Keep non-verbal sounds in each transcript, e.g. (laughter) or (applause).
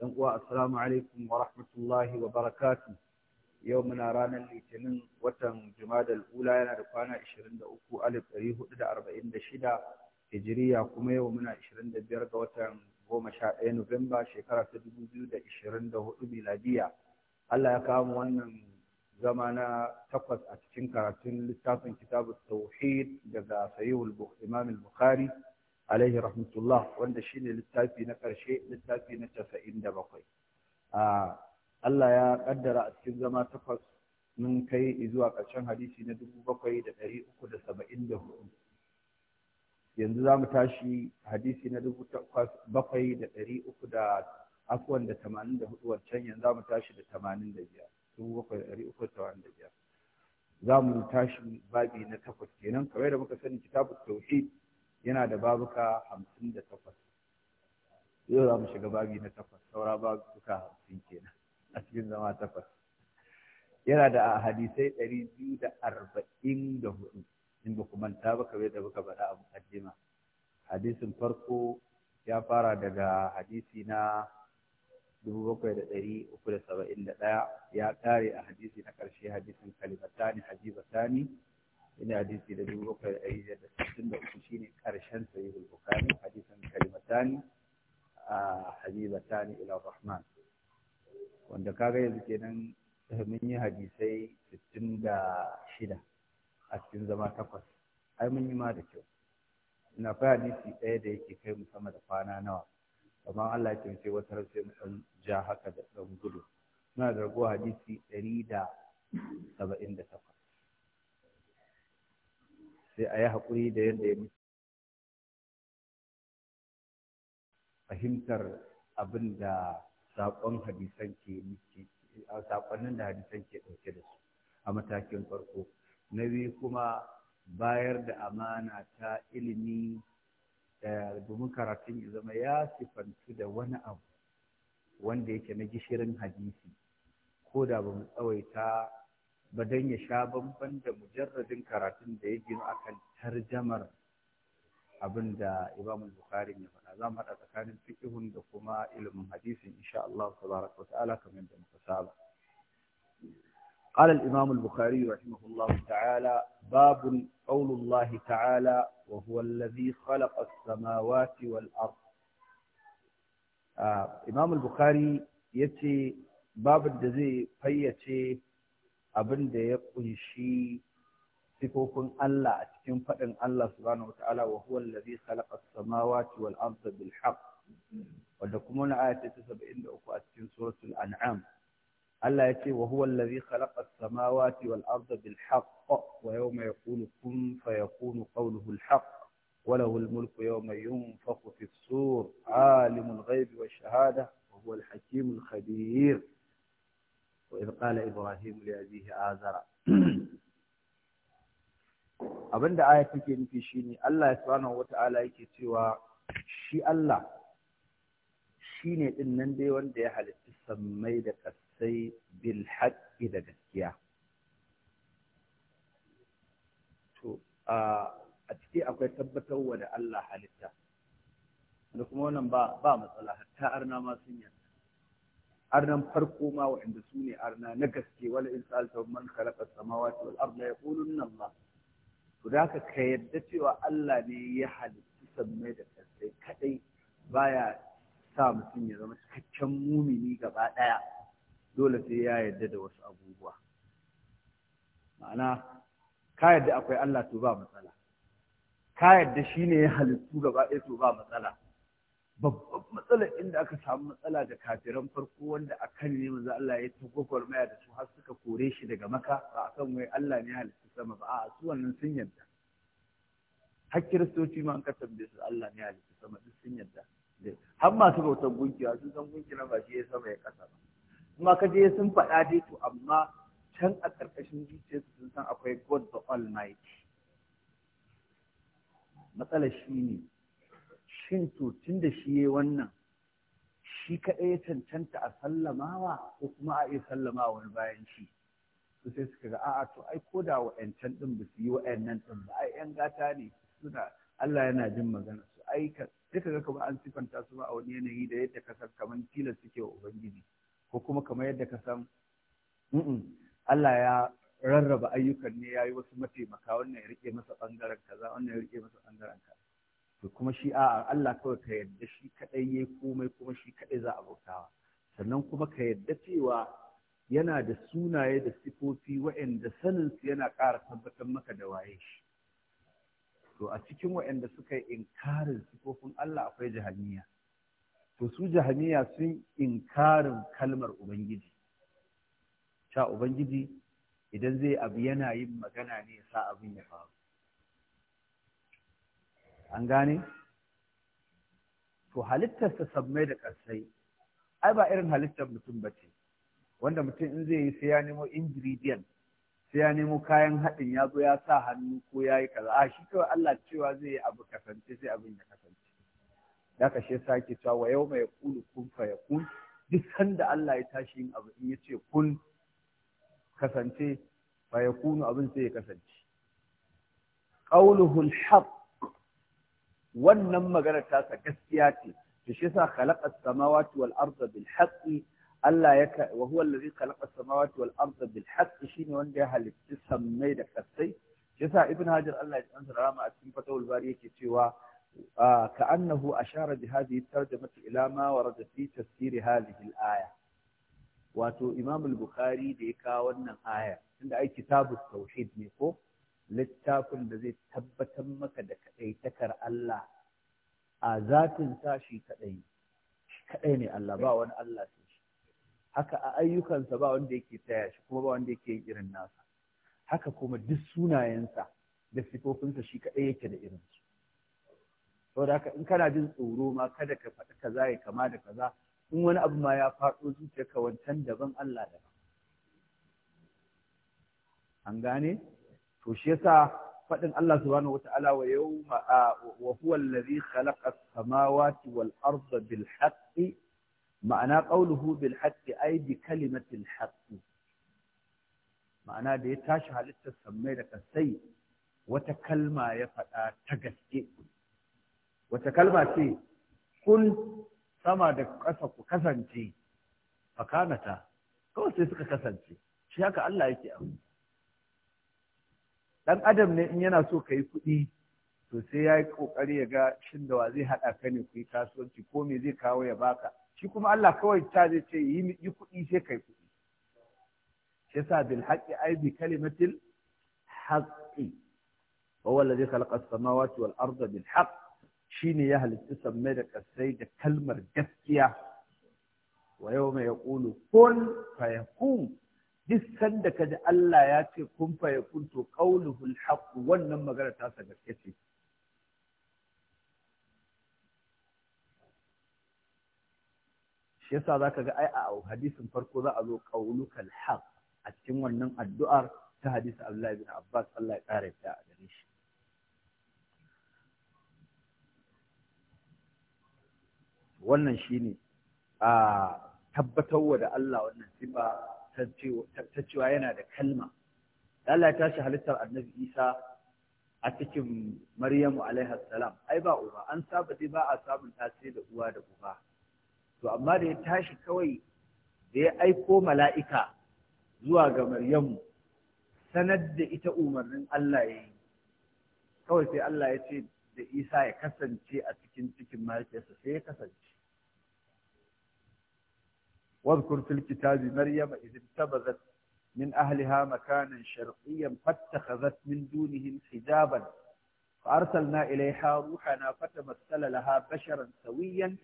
ɗan uwa assalamu alaikum wa rahmatullahi wa barakatu yau muna ranar litinin watan jumadal ula yana da kwana 23,446 hijiriya kuma yau muna 25 ga watan 11 nuwamba shekara ta 2024 miladiya Allah ya kawo wannan zama na takwas a cikin karatun littafin kitabu tauhid daga sayuhul imam al-bukhari alaihi rahmatullah wanda shine littafi na ƙarshe littafi na casa'in da bakwai Allah ya kaddara a cikin zama takwas mun kai zuwa ƙarshen hadisi na dubu bakwai da ɗari uku da saba'in da hudu yanzu za mu tashi hadisi na dubu bakwai da ɗari uku da afuwan da tamanin da hudu wancan yanzu za mu tashi da tamanin da biyar dubu bakwai da ɗari uku da tamanin da biyar za mu tashi babi na takwas kenan kamar da muka sani kitabun tauhid yana da babuka hamsin da takwas yau za mu shiga babi na takwas saura babuka hamsin kenan a cikin zama takwas yana da hadisai ɗari biyu da arba'in da hudu in ba ku manta ba kamar da buka faɗa a mukaddima hadisin farko ya fara daga hadisi na dubu bakwai da ɗari uku da saba'in da ɗaya ya ƙare a hadisi na ƙarshe hadisin kalimatani hajibatani ina hadisi da dubu bakwai da ɗari da sittin da uku shine ƙarshen sahihul bukhari hadisan kalimatani a habibatani ila rahman wanda kaga yanzu kenan mun yi hadisai sittin da shida a cikin zama takwas ai mun yi ma da kyau ina fa hadisi ɗaya da yake kai mu sama da kwana nawa amma Allah ya taimake wata ran mu ɗan ja haka da ɗan gudu muna da rago hadisi ɗari da saba'in da takwas sai a yi haƙuri da yadda ya mutu fahimtar abin da saƙon hadisan ke saƙonnin da hadisan ke ɗauke da su a matakin farko na biyu kuma bayar da amana ta ilimi eh, domin karatun ya zama ya sifantu da wani abu wanda yake na gishirin hadisi ko da ba mu tsawaita ba don ya sha bamban da mujarradin karatun da ya gino akan tarjamar abin da Imam Bukhari ya faɗa za mu haɗa tsakanin fiqhun da kuma ilimin hadisin insha Allah tabaraka wa ta'ala kamar yadda muka saba قال الإمام البخاري رحمه الله تعالى باب قول الله تعالى وهو الذي خلق السماوات والأرض آه إمام البخاري يتي باب الجزي فيتي abinda ya kunshi sifofin Allah a cikin fadin Allah subhanahu wata'ala wa huwa allazi khalaqa as-samawati wal arda bil haqq wanda kuma na ayati 73 a cikin suratul an'am Allah yace wa huwa allazi khalaqa as-samawati wal arda bil haqq wa yawma yaqulu kun fayakunu qawluhu al haqq وله الملك يوم ينفخ في الصور عالم الغيب والشهادة وهو الحكيم الخبير وإذ قال إبراهيم لأبيه آزر abin Abinda aya take nufi shine Allah ya subhanahu wata'ala yake cewa shi Allah shine din nan dai wanda ya halitta sammai da kasai bil haqqi da gaskiya to a ciki akwai tabbatarwa da Allah halitta da kuma wannan ba ba matsala hatta arna ma sun yarda arnan farko ma wa'anda su ne arna na gaske wala in sa'alta man khalaqa samawati wal arda yaqulun Allah to da ka ka yadda cewa Allah ne ya halitta sammai da kasai kadai baya sa mutum ya zama cikakken mumini gaba daya dole sai ya yadda da wasu abubuwa ma'ana ka yadda akwai Allah to ba matsala ka yadda shine ya halittu gaba ɗaya to ba matsala babban matsalar inda aka samu matsala da kafiran farko wanda a kan ne maza Allah ya ta gwagwarmaya da su har suka kore shi daga maka ba a kan wai Allah ne halittu sama ba a su wannan sun yadda. har kiristoci ma an ka tambaye su Allah ne halittu sama duk sun yadda. har masu bautar gunkiya sun san gunkiya ba ya sama ya kasa ba kuma ka je sun faɗa dai to amma can a ƙarƙashin su sun san akwai God the Almighty matsalar shi ne shin to tun da shi yi wannan shi kaɗai ya cancanta a sallamawa ko kuma a iya sallamawa wani bayan shi Su sai suka ga a'a to ai ko da wa'ancan ɗin ba su yi wa'annan ɗin ba ai ƴan gata ne suna Allah yana jin magana su ai ka sai ka ga kuma an sifanta su ba a wani yanayi da yadda ka san kamar tilas suke wa ubangiji ko kuma kamar yadda ka san Allah ya rarraba ayyukan ne ya yi wasu mataimaka wannan ya rike masa ɓangaren kaza wannan ya rike masa ɓangaren kaza to kuma shi a Allah kawai ka yarda shi kaɗai ya komai kuma shi kaɗai za a bautawa sannan kuma ka yarda cewa yana da sunaye da sifofi waɗanda sanin su yana ƙara tabbatar maka da waye shi to a cikin waɗanda suka yi inkarin sifofin Allah akwai jahaniya to su jahaniya sun inkarin kalmar ubangiji sha ubangiji idan zai abu yana yin magana ne ya sa abin ya faru an gane to halittarsa sammai da ƙasai ai ba irin halittar mutum ba ce wanda mutum in zai yi sai ya nemo ingredient sai ya nemo kayan haɗin ya zo ya sa hannu ko ya yi kaza a shi kawai Allah cewa zai yi abu kasance sai abin ya kasance da ka she sake cewa wa yau mai kulu kun fa ya kun duk sanda Allah ya tashi yin abu in ya ce kun kasance fa ya kunu abin sai ya kasance qauluhu al-haqq wannan maganar sa gaskiya ce to shi yasa khalaqa as-samawati wal arda bil haqqi Allah ya wa huwa allazi khalaqa samawati wal arda bil haqqi shine wanda ya halitta sammai da kasai shi yasa ibn hajar Allah ya tsantsa rama a cikin fatawul bari yake cewa كأنه أشار بهذه الترجمة إلى ما ورد في تفسير هذه aya. wato Imam al-Bukhari da ya kawo wannan aya tunda ai kitabut tauhid ne ko littafin da zai tabbatar maka da kaɗaitakar Allah a zatin sa shi kaɗai shi kaɗai ne Allah ba wani Allah sai shi haka a ayyukansa ba wanda yake taya shi kuma ba wanda yake yin irin nasa haka kuma duk sunayensa da sifofinsa shi kaɗai yake da irin su saboda haka in kana jin tsoro ma kada ka faɗi kaza ya kama da kaza in wani abu ma ya faɗo zuciyarka wancan daban Allah daban an gane to shi yasa faɗin Allah subhanahu wata'ala wa yawma wa huwa allazi khalaqa samawati wal arda bil haqqi ma'ana qawluhu bil haqqi ay bi kalimati al ma'ana da ya tashi halittar sammai da kasai wata kalma ya faɗa ta gaske wata kalma ce kun sama da ƙasa ku kasance fakanata kawai sai suka kasance shi haka Allah yake abu dan adam ne in yana so ka yi kuɗi to sai ya yi ƙoƙari ya ga shin da wa zai haɗa ka ne ku yi kasuwanci ko me zai kawo ya baka shi kuma Allah kawai ta zai ce yi yi kuɗi sai kai kuɗi shi yasa bil haqqi ay bi kalimatil haqqi wa huwa alladhi khalaqa as-samawati wal arda bil haqq shine ya halitta sammai da kasai da kalmar gaskiya wa yawma yaqulu kun fayakun duk sanda ka ji Allah ya ce kun fa kun to qauluhul haqq wannan magana ta sa gaske ce shi yasa zaka ga ai a hadisin farko za a zo qaulukal haqq a cikin wannan addu'ar ta hadisi Abdullahi bin Abbas Allah ya kare ta a gare shi wannan shine a tabbatarwa da Allah wannan sifa ta cewa yana da kalma Allah ya tashi halittar annabi Isa a cikin Maryamu alaiha salam ai ba uba an saba dai ba a samun tasiri da uwa da uba to amma da ya tashi kawai da ya aiko mala'ika zuwa ga Maryamu sanar da ita umarnin Allah ya yi kawai sai Allah ya ce da Isa ya kasance a cikin cikin mahaifiyarsa sai ya kasance واذكر في الكتاب مريم إذ انتبذت من أهلها مكانا شرقيا فاتخذت من دونهم حجابا فأرسلنا إليها روحنا فتمثل لها بشرا سويا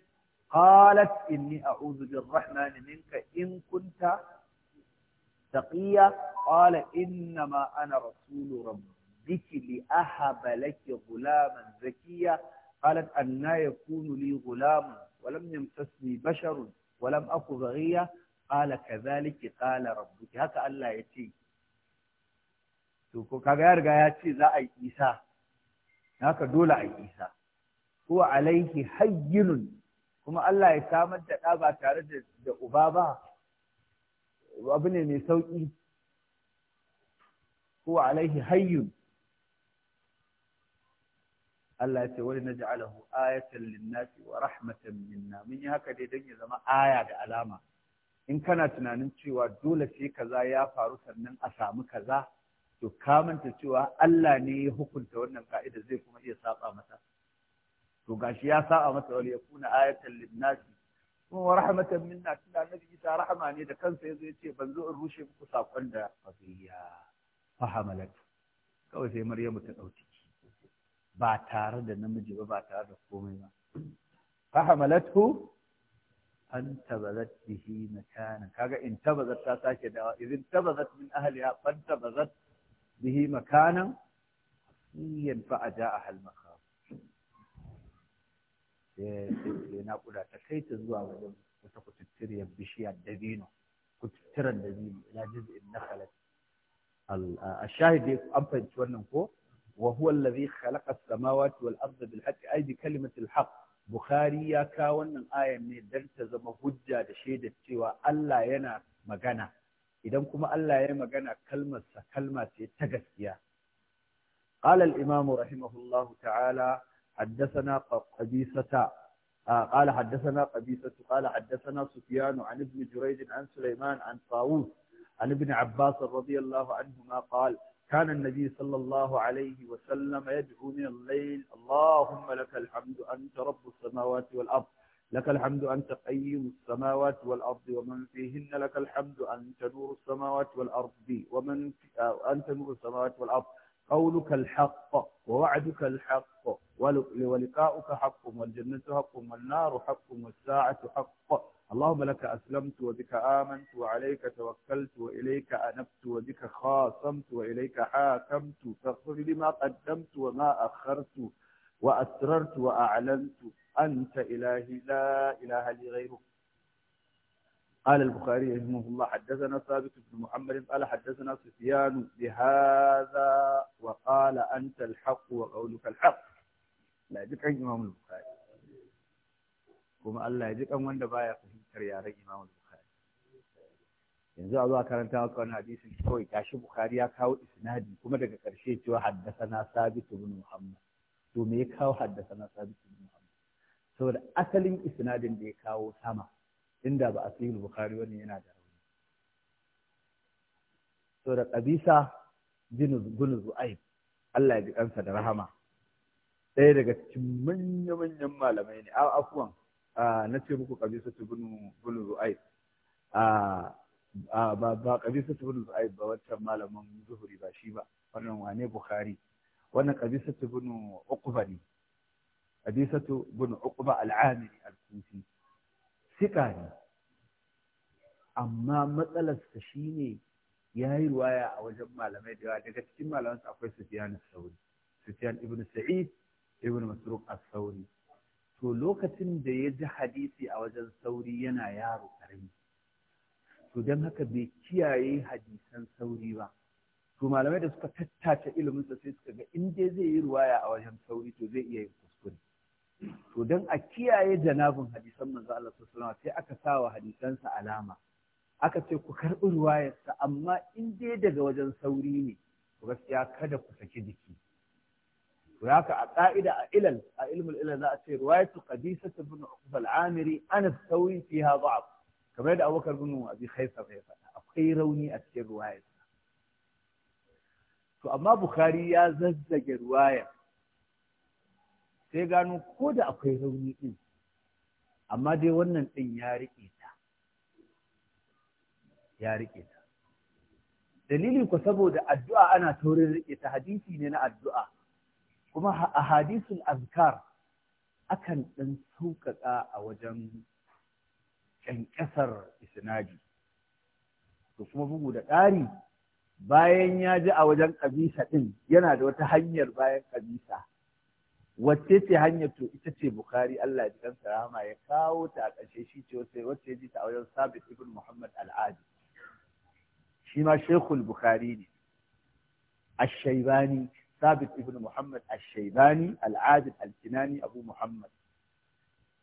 قالت إني أعوذ بالرحمن منك إن كنت تقيا قال إنما أنا رسول ربك لأهب لك غلاما زكيا قالت أنا يكون لي غلام ولم يمسسني بشر walam aku baghiya qala kadhalika qala rabbuki haka Allah ya ce to ko ya riga ya ce za a yi isa naka dole a yi isa ko alaihi hayyinun kuma Allah ya samar da ɗa ba tare da uba ba abu ne mai sauƙi ko alaihi hayyun Allah ya ce wani na ja'alahu ayatan linnasi wa rahmatan minna mun yi haka dai don ya zama aya da alama in kana tunanin cewa dole sai kaza ya faru sannan a samu kaza to ka manta cewa Allah ne ya hukunta wannan ka'ida zai kuma iya saba mata to gashi ya saba mata wal yakuna ayatan linnasi wa rahmatan minna tunda annabi Isa rahama ne da kansa yazo ya ce ban zo in rushe muku sakon da fasiya fahamalatu kawai sai Maryamu ta dauki ba tare da namiji ba ba tare da komai ba fahimalathu an tabazat bihi makana kaga in tabazat ta sake dawa idan tabazat min ahliha fan tabazat bihi makana yan fa aja ahal makhaf sai na kuda ta kai ta zuwa wajen wata kututtiriyar bishiyar dabino kututtiran dabino ila jiz'in nakhalat al-shahid an fahimci wannan ko wa huwa allazi khalaqa as-samawati wal arda bil haqqi bukhari ya kawo wannan ayan ne dan ta zama hujja da shaidar cewa Allah yana magana idan kuma Allah ya magana kalmar kalma ce ta gaskiya قال الإمام رحمه الله تعالى حدثنا قبيسة آه قال an قبيسة قال حدثنا سفيان عن ابن جريج كان النبي صلى الله عليه وسلم يدعو من الليل اللهم لك الحمد أنت رب السماوات والأرض لك الحمد أنت قيم السماوات والأرض ومن فيهن لك الحمد أنت نور السماوات والأرض ومن آه، أنت نور السماوات والأرض قولك الحق ووعدك الحق ولقاؤك حق والجنة حق والنار حق والساعة حق اللهم لك أسلمت وبك آمنت وعليك توكلت وإليك أنبت وبك خاصمت وإليك حاكمت فاغفر لي ما قدمت وما أخرت وأسررت وأعلنت أنت إلهي لا إله لي غيرك قال البخاري رحمه الله حدثنا ثابت بن محمد قال حدثنا سفيان بهذا وقال أنت الحق وقولك الحق لا أن إمام البخاري kuma Allah ya ji kan wanda fahimtar yaren Imam yanzu a zuwa karanta maka wani hadisin kawai gashi bukari ya kawo isnadi kuma daga ƙarshe cewa haddasana Sabit bin Muhammad to me ya kawo haddasana Sabit bin Muhammad saboda asalin isnadin da ya kawo sama inda ba a sahih bukari wani yana da rauni saboda qabisa bin Zu'aib Allah ya ji kansa da rahama ɗaya daga cikin manya-manyan malamai ne a afuwan na ce muku kabisa ta bin zu'ai ba kabisa ta bin zu'ai ba wancan malamin zuhuri ba shi ba wannan wane bukhari wannan kabisa ta bin uqba ne kabisa ta bin uqba al'amiri al-kufi sika ne amma shi shine ya yi ruwaya a wajen malamai da yawa daga cikin malamansa akwai sufiyan sauri sufiyan ibn sa'id ibn masruq as-sauri to lokacin da ya ji hadisi a wajen sauri yana yaro ƙarami to don haka bai kiyaye hadisan sauri ba to malamai da suka tattace iliminsa sai suka ga in dai zai yi ruwaya a wajen sauri to zai iya yin kuskure to don a kiyaye janabin hadisan manzo Allah sallallahu sai aka sawa hadisansa alama aka ce ku karɓi ruwayarsa amma in dai daga wajen sauri ne to gaskiya kada ku saki jiki وهناك قائدة علل علم العلل لا أسير رواية قديسة بن عقبة العامري أنا بسوي فيها ضعف كما يدعى وكر بكر بن أبي خيفة خيفة أبقي روني أسير رواية فأما بخاري يا ززج رواية سيقانو كود أبقي روني إن أما دي ونن إن يا رئيسة يا رئيسة دليلي كسبو saboda أدعى أنا توري rike ta hadisi أدعى kuma a hadisul azkar akan ɗan sauƙaƙa a wajen ƙyanƙyasar isnadi to kuma bugu da ƙari bayan ya ji a wajen ƙabisa ɗin yana da wata hanyar bayan ƙabisa wacce ce hanyar to ita ce bukari Allah ya kansa rahama ya kawo ta a ƙarshe shi ce wacce ya ji ta a wajen sabit ibn muhammad al'adi shi ma shekul bukari ne ashaibani sabit ibn muhammad ash-shaybani al-adil al abu muhammad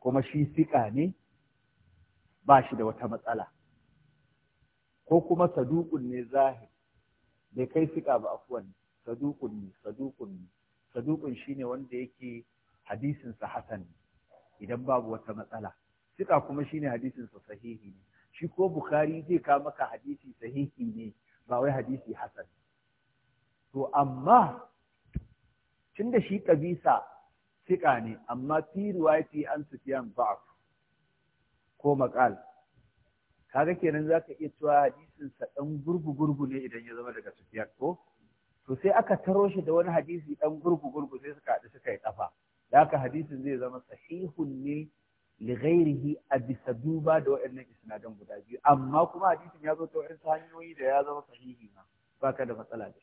kuma shi siƙa ne ba shi da wata matsala ko kuma saduqun ne zahir bai kai siƙa ba afuwan Saduqun ne saduqun ne shine wanda yake hadisinsa hasan idan babu wata matsala siƙa kuma shine hadisinsa sahihi ne shi ko Bukhari zai ka maka hadisi sahihi ne ba wai hadisi hasan to amma tun da shi ƙabisa fiƙa ne amma fi riwayati an sufiyan ba'af ko maƙal kaga kenan za ka iya cewa hadisinsa sa dan gurgu gurgu ne idan ya zama daga sufiyan ko to sai aka taro shi da wani hadisi ɗan gurgu gurgu sai suka haɗu suka yi ƙafa. da haka hadisin zai zama sahihun ne lighairihi a bisa duba da waɗannan isnadan guda biyu amma kuma hadisin ya zo ta waɗansu hanyoyi da ya zama sahihi ma baka da matsala da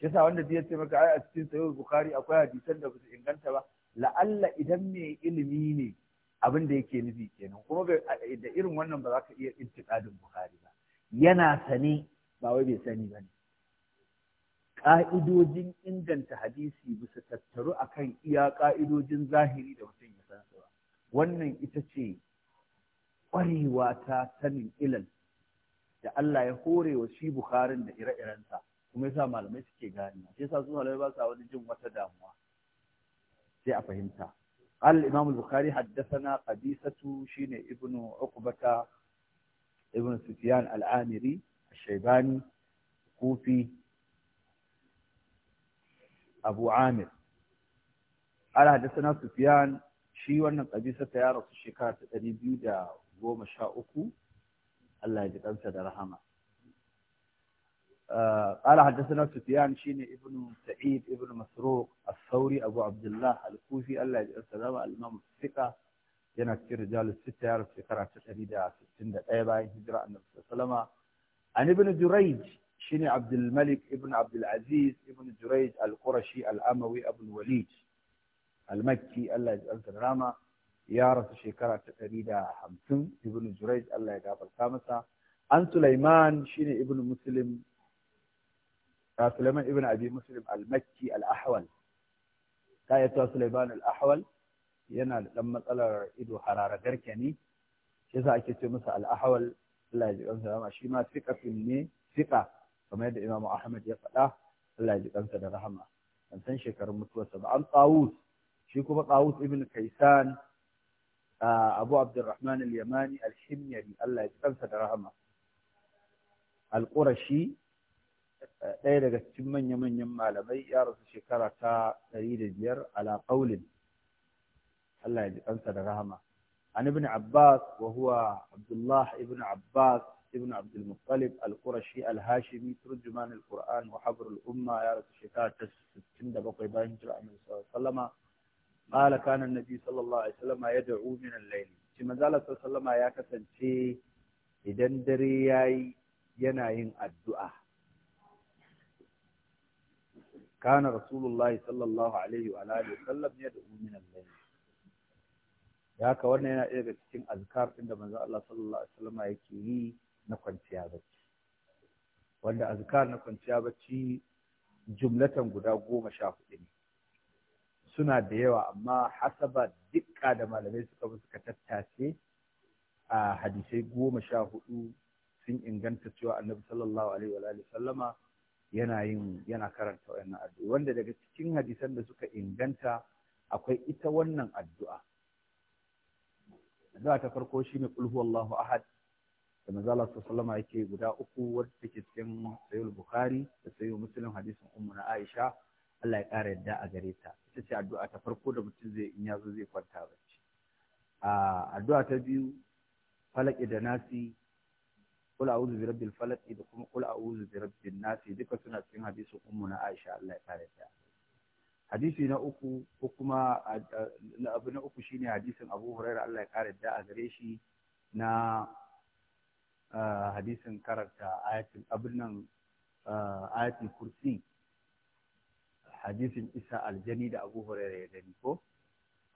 yasa wanda zai ce maka ai a cikin sahih bukhari akwai hadisan da basu inganta ba la'alla idan mai ilimi ne abin da yake nufi kenan kuma da irin wannan ba za ka iya intiqadin bukhari ba yana sani ba wai bai sani ba ne Ka'idojin inganta hadisi bisa tattaru akan iya ka'idojin zahiri da mutum ya san ba wannan ita ce ƙwarewa ta sanin ilal da Allah ya hore wa shi Bukharin da ire-irensa kuma yasa malamai suke gane. sai yasa sun halayya ba sa wani jin wata damuwa sai a fahimta al imam bukhari haddathana qadisatu shine ibnu uqbata ibnu sufyan al amiri shaybani kufi abu amir al haddathana sufyan shi wannan Kabisata shekara ta ɗari biyu da goma sha uku. Allah ya ji kansa da rahama قال حدثنا سفيان شين ابن سعيد Ibn مسروق الثوري أبو عبد الله الكوفي الله يجعل سلامة الإمام الثقة yana cikin rijalus sita ya shekara ta ɗari sittin da ɗaya bayan hijira annabi sallama an ibn jurayj shine abdul malik ibn abdul ibn jurayj al qurashi al amawi abul walid al makki Allah ya ji rama ya rasu shekara ta ɗari da hamsin ibn jurayj Allah ya gafarta masa an sulaiman shine ibn muslim سليمان ابن أبي مسلم المكي الأحول كاية al الأحول yana da ɗan matsalar ido harara garke ne shi ake ce masa al'ahawal Allah ya ji kansa rahama shi kamar yadda Imam Ahmad ya faɗa Allah ya ji da rahama an san shekarun mutuwarsa ba an Qawus shi kuma Qawus ibn Kaisan Abu Abdurrahman al-Yamani al-Himyari Allah ya ji kansa da rahama al-Qurashi ɗaya daga cikin manya-manyan malamai ya rasu shekara ta ɗari da biyar ala ƙaulin Allah ya ji ɗansa da rahama an ibn Abbas wa huwa Abdullah ibn Abbas ibn Abdul al-Qurashi al-Hashimi turjuman al-Qur'an wa habr al-umma ya rasu shekara ta 67 bayan hijira Annabi sallallahu alaihi wasallam qala kana an sallallahu alaihi wasallam yad'u min al-layl shi manzala sallallahu ya kasance idan dare yayi yana yin addu'a كان رسول الله صلى الله عليه وآله وسلم يدعو من الليل ya ka wannan yana daga cikin azkar ɗin da manzo Allah sallallahu alaihi wasallam yake yi na kwanciya bacci wanda azkar na kwanciya bacci jumlatan guda goma sha hudu ne suna da yawa amma hasaba dukka da malamai suka bi suka tattace a hadisai goma sha hudu sun inganta cewa annabi sallallahu alaihi wa sallama yana yin yana karanta wannan addu'a wanda daga cikin hadisan da suka inganta akwai ita wannan addu'a addu'a ta farko shine qul huwallahu ahad da manzo Allah sallallahu yake guda uku wadda take cikin sahih bukhari da sahih muslim hadisin ummu na aisha Allah ya ƙara yadda a gare ta ita ce addu'a ta farko da mutum zai in yazo zai kwanta bacci a ah, addu'a ta biyu falaki da nasi qul a'udhu bi rabbil falaq da kuma qul a'udhu bi rabbin nas duka suna cikin hadisin ummu na Aisha Allah ya kare ta hadisi na uku ko kuma abu na uku shine hadisin Abu Hurairah Allah ya kare da a gare shi na hadisin karanta ayatul abin nan ayatul kursi hadisin Isa aljani da Abu Hurairah ya gani ko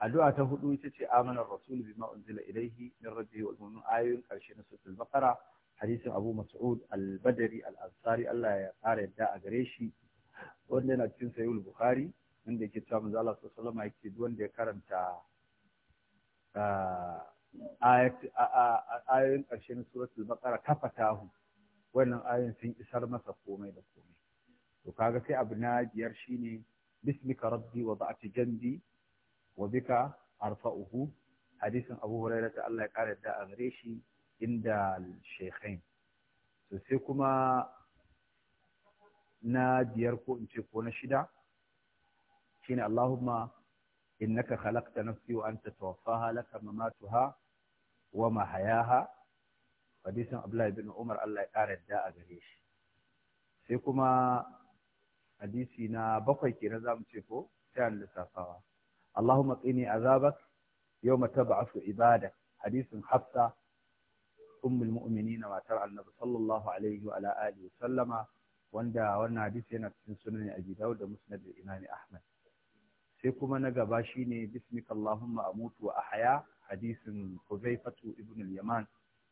addu'a ta hudu ita ce amana rasul bima unzila ilayhi min rabbihi wal mu'minun ayoyin karshe na suratul baqara hadisin abu mas'ud al-badari al-ansari Allah ya tsara yadda a gare shi wanda yana cikin sayyid bukhari inda yake cewa manzo Allah sallallahu alaihi wasallam yake duk ya karanta ah, ah, ah, ayoyin ƙarshen suratul baqara kafatahu wannan ayoyin sun isar masa komai da komai to kaga sai abu na biyar shine bismika rabbi wa ba'ati jandi wa bika arfa'uhu hadisin abu hurairah ta Allah ya kare da a gare shi inda shekhain sosai sai kuma na biyar ko in ce ko na shida shine Allahumma innaka khalaqta nafsi wa anta tawaffaha laka mamatuha wa mahayaha hadisin Abdullahi bin Umar Allah ya ƙara yadda a gare shi sai kuma hadisi na bakwai kenan zamu ce ko sai an lissafawa Allahumma qini azabak yawma tab'athu ibada, hadisin Hafsa ummul na matar annabi sallallahu alaihi wa alihi wanda wannan hadisi yana cikin sunan abi dawud da musnad al-imam ahmad sai kuma na gaba shine bismika allahumma amutu wa ahya hadisin huzaifatu ibn al-yaman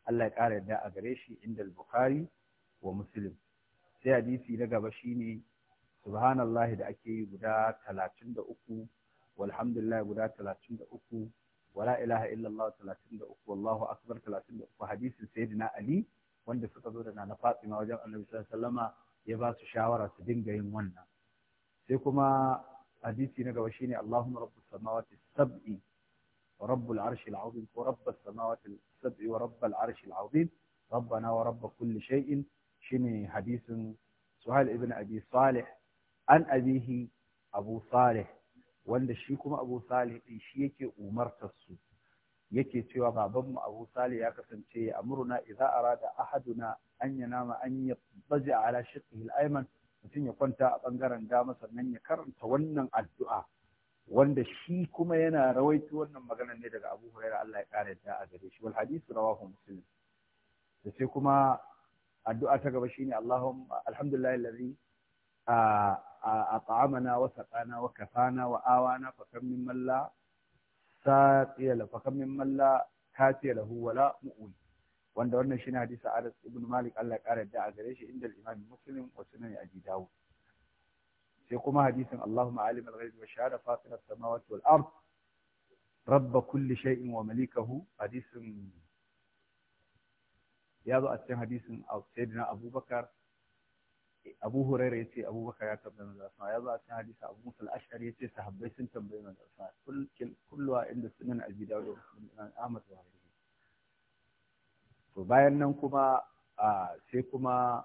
Allah ya kara a gare shi inda al-bukhari wa muslim sai hadisi na gaba shine subhanallahi da ake yi guda 33 walhamdulillah guda da uku. wala ilaha illallah 33 wallahu akbar 33 hadisin sayyidina ali wanda suka zo da na Fatima wajen Annabi sallallahu alaihi wasallama ya ba su shawara su dinga yin wannan sai kuma hadisi na gaba shine Allahumma rabbus samawati sab'i wa rabbul arshi al-azim wa rabbus samawati sab'i wa rabbul arshi al-azim rabbana wa rabb kulli shay'in shine hadisin Suhail ibn Abi Salih an abihi Abu Salih wanda shi kuma abu salih din shi yake umartar su yake cewa babanmu abu salih ya kasance ya amuruna idza arada ahaduna an yanama an yabaja ala shiqqihi al-ayman mutum ya kwanta a bangaren dama sannan ya karanta wannan addu'a wanda shi kuma yana rawaito wannan maganar ne daga Abu Hurairah Allah ya kare ta a gare shi wal hadithu rawahu muslim da sai kuma addu'a ta gaba shine Allahumma alhamdulillahi alladhi أطعمنا وسقانا وكفانا وآوانا فكم ممن لا ساقي له فكم ممن لا كاتي له ولا مؤوي wanda wannan shine hadisi Anas ibn Malik Allah ya kara da a gare shi inda Imam Muslim wa Sunan Abi Dawud sai kuma hadisin Allahumma alim al-ghaib wa shahada fatir as-samawati wal ard rabb kulli shay'in wa malikahu hadisin ya zo a cikin hadisin Sayyidina Abubakar abu huraira ya ce abubakar ya tambayi manzo sama ya zo a cikin hadisi abu musul ashari ya ce sahabbai sun tambayi manzo sama kulluwa inda sunan abi dawud sunan ahmad wa hadisi to bayan nan kuma sai kuma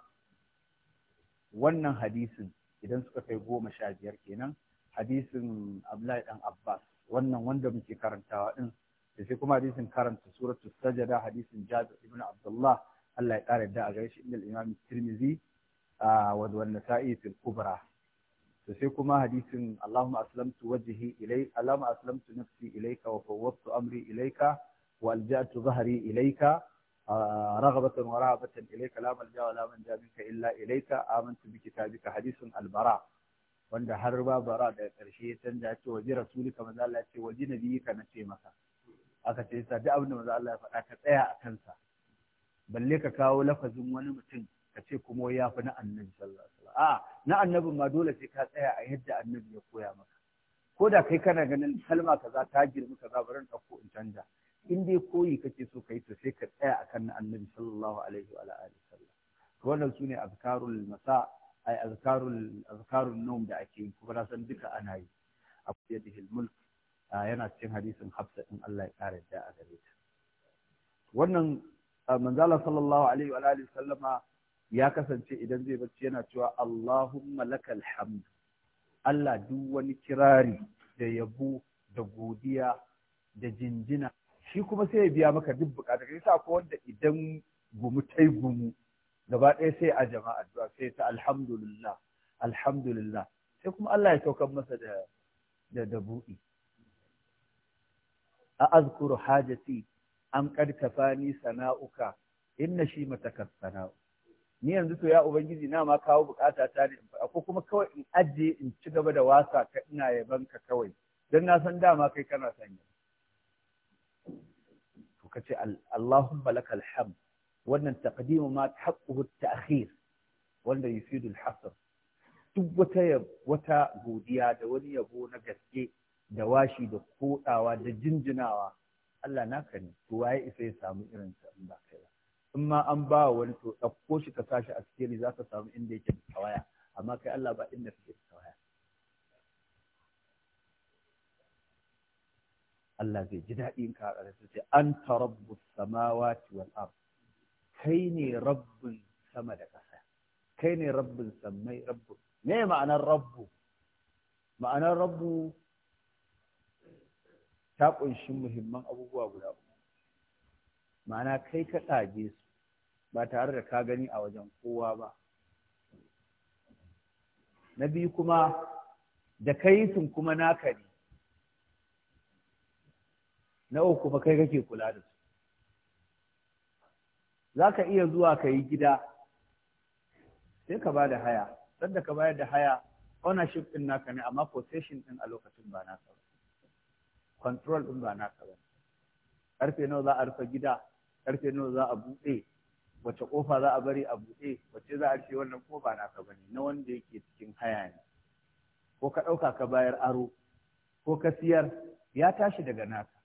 wannan hadisin idan suka kai goma sha biyar kenan hadisin abdullahi dan abbas wannan wanda muke karantawa din sai kuma hadisin karanta suratul sajada hadisin jabir ibn abdullah Allah ya kare da a gaishe shi inda imam tirmizi wadda sa'i fil kubra to sai kuma hadisin Allahumma aslamtu wajhi ilai Allahumma ilaika wa fawwadtu amri ilaika wa ilaika رغبة ورهبة إليك لا ملجأ ولا منجا منك إلا إليك آمنت بكتابك حديث البراء wanda har ba bara daga ƙarshe ya canja ce waje rasuluka manzo Allah ce waje ka na ce maka aka ce ta, duk abin da Allah ya faɗa ka tsaya a kansa balle ka kawo lafazin wani mutum ka ce kuma ya fi na annabi sallallahu alaihi wasallam a na annabin ma dole sai ka tsaya a yadda annabi ya koya maka ko da kai kana ganin kalma kaza ta girma kaza bari ɗauko in canja in dai koyi kake so kai to sai ka tsaya akan na annabi sallallahu alaihi wa alihi wasallam to wannan sune azkarul masa ay azkarul azkarul nawm da ake yi kuma na san duka ana yi a yadihil mulk yana cikin hadisin hafsa din Allah ya kare da a gare ta wannan manzala sallallahu alaihi wa alihi wasallama ya kasance idan zai bacci yana cewa Allahumma lakal hamd Allah duk wani kirari da yabo da godiya da jinjina shi kuma sai ya biya maka duk bukata kai sa ko wanda idan gumu tai gumu gaba ɗaya sai a jama'a addu'a sai ta alhamdulillah alhamdulillah sai kuma Allah ya saukar masa da da dabu'i a azkuru hajati an kad kafani sana'uka inna shi matakas sana'u ni yanzu to ya ubangiji na ma kawo bukata ta ne ko kuma kawai in ajiye in ci gaba da wasa ka ina yaban ka kawai dan na san dama kai kana sanya to kace Allahumma lakal hamd wannan taqdimu ma haqquhu at-ta'khir wanda yufidu al-hasr duk wata wata godiya da wani yabo na gaske da washi da kodawa da jinjinawa Allah naka ne to waye isa ya samu irin sa in ba kai in ma an ba wani to ɗauko shi ka sashi a sikeli za ka samu inda yake da tawaya amma kai Allah ba inda kake da tawaya Allah zai ji daɗi in ka haɗa sai an ta rabbu samawati wal ard kai ne rabbin sama da ƙasa kai ne rabbin sammai rabbu me ma'anar rabbu ma'anar rabbu ta ƙunshi muhimman abubuwa guda uku ma'ana kai ka ɗage su ba tare da ka gani a wajen kowa ba na biyu kuma da kai sun kuma naka ne na uku kai kake kula da su za ka iya zuwa ka yi gida sai ka ba da haya sanda ka bayar da haya ownership ɗin naka ne amma possession ɗin a lokacin ba naka ba control ɗin ba naka ba karfe nawa za a rufe gida karfe nawa za a buɗe wace kofa za a bari a buɗe wace za a ce wannan ko ba naka bane na wanda yake cikin haya ne ko ka ɗauka ka bayar aro ko ka siyar ya tashi daga naka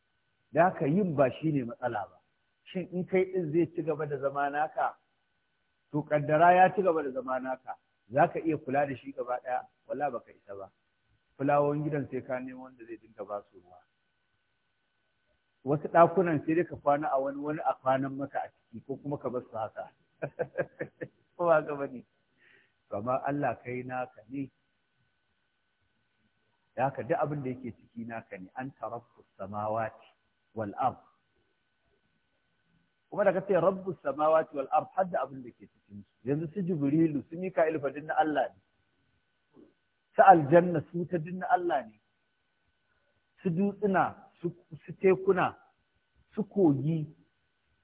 da ka yin ba shi ne matsala ba shin in kai ɗin zai ci gaba da zama naka to kaddara ya ci gaba da zama naka za ka iya kula da shi gaba ɗaya wala baka isa ba fulawon gidan sai ka nemo wanda zai dinga ba su ruwa wasu ɗakunan sai dai ka kwana a wani wani a kwanan maka a ciki ko kuma ka bar su haka (laughs) ko ba ga bane amma Allah kai naka ne da haka duk abin da yake ciki naka ne an tarakku samawati wal ard kuma daga sai Rabbu samawati wal ard hadda abin da ke cikin su yanzu su jibrilu su mika'ilu fa dinna Allah ne su aljanna su ta dinna Allah ne su dutsuna su tekuna su kogi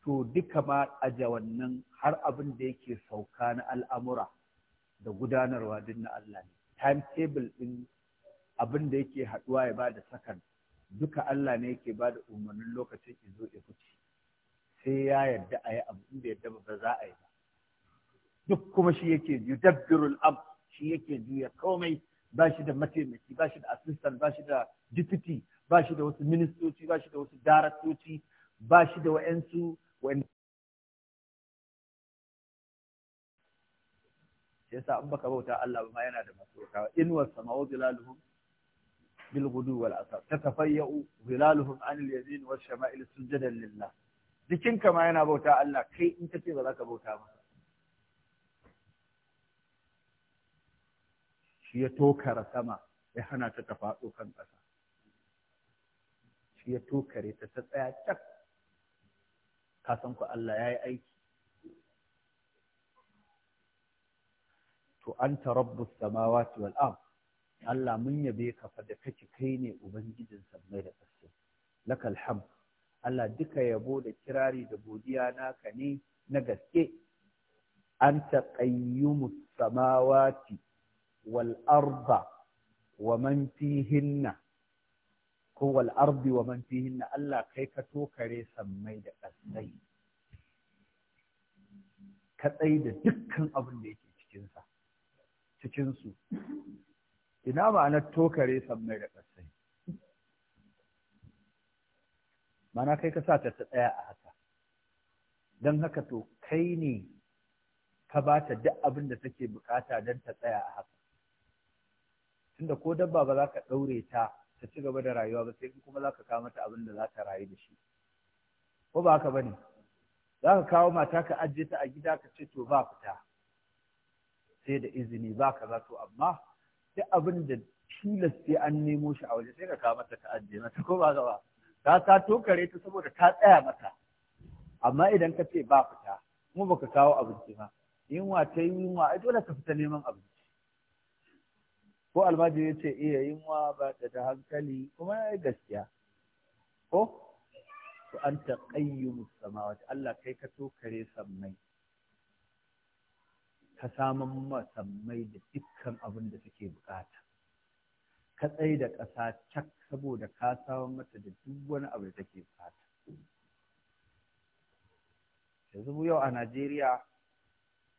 to duka ma a jawannan har abin da yake sauka na al'amura da gudanarwa din na Allah ne table din abin da yake haɗuwa ya ba da sakan duka Allah ne yake ba da umarnin lokacin izo ya fice sai ya yadda a yi abu inda yadda ba za a yi ba duk kuma shi yake yudabbirul am shi yake juya komai ba shi da mataimaki ba shi da asistan ba shi da deputy ba shi da wasu ministoci ba shi da wasu daraktoci ba shi da wa'yansu Ya sa an baka bauta Allah ba ma yana da masu bautawa in was sama'u zilaluhum bil ghudu wal asar tafayyau zilaluhun an al yamin was shama'il sujadan lillah jikinka ma yana bauta Allah kai in ce ba za ka bauta ba shi ya tokara sama ya hana ta tafa faɗo kan ƙasa shi ya tokare ta ta tsaya cak ka san ku Allah ya yi aiki to anta rabbus samawati wal ard Allah mun yabe ka fa da kake kai ne ubangijin sammai da ƙasa lakal ham, Allah duka yabo da kirari da godiya naka ne na gaske anta qayyimus samawati wal arda wa man fihinna ko wal ardi wa man na Allah kai ka tokare sammai da kasai ka tsai da dukkan abin da yake cikin sa cikin su ina ma'anar tokare sammai da kasai mana kai ka sa ta tsaya a haka don haka to kai ne ka ba ta duk abin da take bukata don ta tsaya a haka tunda ko dabba ba za ka ɗaure ta ta ci gaba da rayuwa ba sai kuma za ka kawo mata abin da za ta rayu da shi ko ba haka ba ne za ka kawo mata ka ajiye ta a gida ka ce to ba fita sai da izini ba ka za to amma sai abin da tilas sai an nemo shi a waje sai ka kawo mata ka ajiye mata ko ba gaba ka ta tokare ta saboda ta tsaya mata amma idan ka ce ba fita kuma ka kawo abinci ba yunwa ta yi yunwa ai dole ka fita neman abinci ko almajiri ya ce iya eh, yin wa ba da da hankali kuma ya yi gaskiya ko su an ta musamman samawati Allah kai ka so kare sammai ka saman ma da dukkan abin da suke bukata ka tsaye da ƙasa cak saboda ka saman mata da duk wani abu da take bukata yanzu yau a Najeriya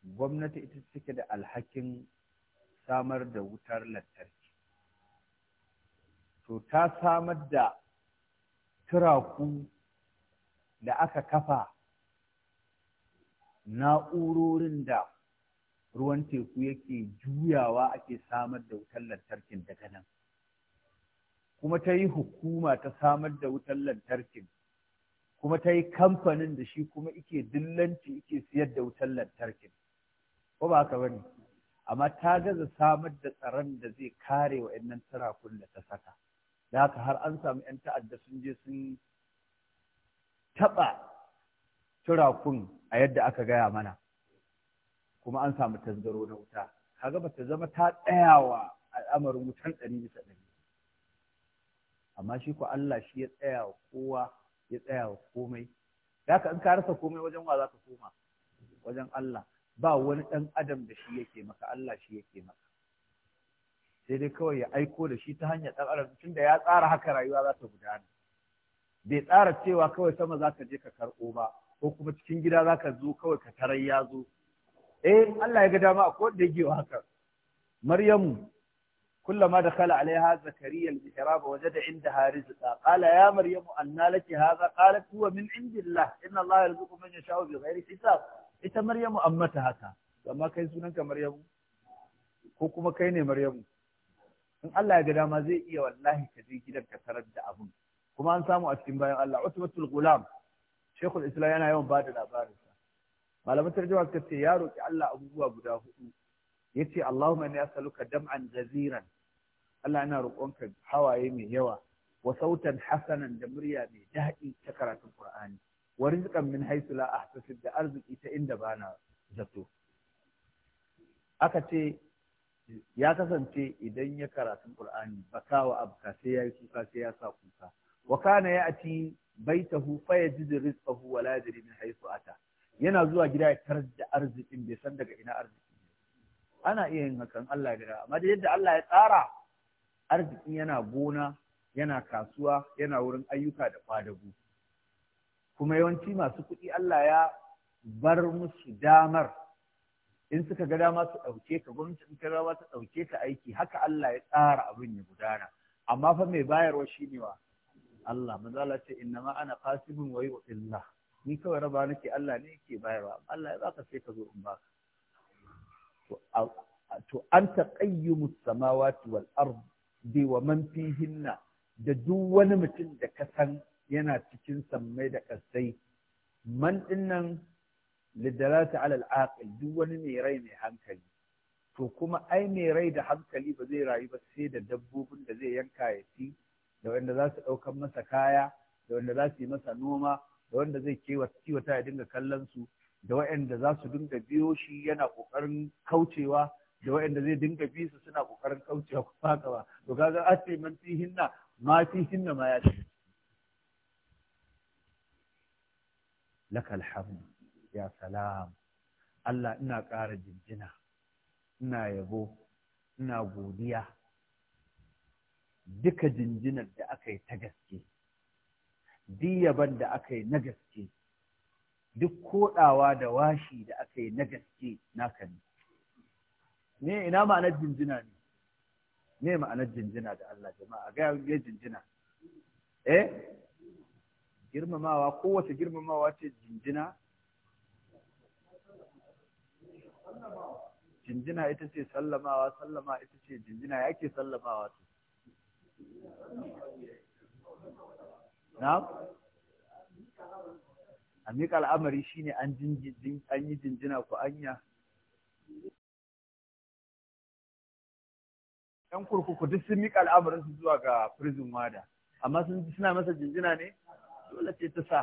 gwamnati ita take da alhakin samar da wutar lantarki to ta samar da turaku da aka kafa na'urorin da ruwan teku yake juyawa ake samar da wutar lantarkin daga nan kuma ta yi hukuma ta samar da wutar lantarkin kuma ta yi kamfanin da shi kuma ike dillanci ike siyar da wutar lantarkin ko ba haka bane amma ta gaza samar da tsaron da zai kare wa innan turakun da ta saka da haka har an samu 'yan ta'adda sun je sun taɓa turakun a yadda aka gaya mana kuma an samu tanzaro na wuta kaga ba ta zama ta tsayawa al'amarin wutan ɗari bisa ɗari amma shi ko Allah shi ya tsaya wa kowa ya tsaya wa komai da haka in ka rasa komai wajen wa za ka koma wajen Allah ba wani ɗan adam da shi yake maka Allah shi yake maka sai dai kawai ya aiko da shi ta hanyar ɗan adam tun da ya tsara haka rayuwa za ta gudana bai tsara cewa kawai sama za ka je ka karɓo ba ko kuma cikin gida za ka zo kawai ka tarai ya zo eh Allah ya ga dama a kowanne yake wa haka Maryamu كلما دخل عليها زكريا المحراب وجد عندها رزقا قال يا مريم أن لك هذا قالت هو من عند الله إن الله يرزق من يشاء بغير حساب ita Maryamu an mata haka amma kai sunanka Maryamu ko kuma kai ne Maryamu in Allah ya ga dama zai iya wallahi ka je gidan ka tarar da abun kuma an samu a cikin bayan Allah Utbatul Gulam Sheikhul Islam yana yawan bada labarin sa Malamatar tarjuma suka ce ya roƙi Allah abubuwa guda hudu yace Allahumma inni as'aluka dam'an jaziran Allah ina roƙonka hawaye mai yawa wa sautan hasanan da murya mai daɗi ta karatun Qur'ani warizkan min haythu la ahtasib da arziki ta inda bana zato aka ce ya kasance idan ya karatu Qur'ani bakawa wa abka sai ya yi kuka sai ya sa kuka wa kana ya'ti baitahu fa yajid rizqahu wa la yadri min haythu ata yana zuwa gida ya tar da arzikin bai san daga ina arziki ana iya yin hakan Allah ya amma da yadda Allah ya tsara arziki yana gona yana kasuwa yana wurin ayyuka da fadabu kuma yawanci masu kuɗi Allah ya bar musu damar in suka ga dama su ɗauke ka gwamnati in ka dama su ɗauke ka aiki haka Allah ya tsara abin ya gudana amma fa mai bayarwa shi ne wa Allah manzala ce inna ma ana qasibun wa illa. ni kawai raba nake Allah ne yake bayarwa Allah ya baka sai ka zo in baka to an taqayyumus samawati wal ardi wa man fihinna da duk wani mutum da ka san yana cikin sammai da ƙasai man dinnan lidalata alal aqil duk wani mai rai mai hankali to kuma ai mai rai da hankali ba zai rayu ba sai da dabbobin da zai yanka ya ci da wanda za su ɗaukar masa kaya da wanda za su yi masa noma da wanda zai kiwata ya dinga kallon su da waɗanda za su dinga biyo shi yana ƙoƙarin kaucewa da waɗanda zai dinga bi su suna ƙoƙarin kaucewa kuma haka ba to kaga fi hinna ma hinna ma ya ce lakal hamd ya salam Allah ina ƙara jinjina ina yabo ina godiya duka jinjinar da aka yi ta gaske diyaban da aka yi na gaske duk koɗawa da washi da aka yi na gaske naka ne ne ina ma'anar jinjina ne ne ma'anar jinjina da Allah jama'a ga ya jinjina eh girmamawa kowace girmamawa ce jinjina jinjina ita ce sallamawa sallama ita ce jinjina ya ke sallamawa su na? a miƙa al'amari ne an yi jinjina ku anya ‘yan kurkuku duk sun miƙa su zuwa ga prison wada, amma suna masa jinjina ne dole ce ta sa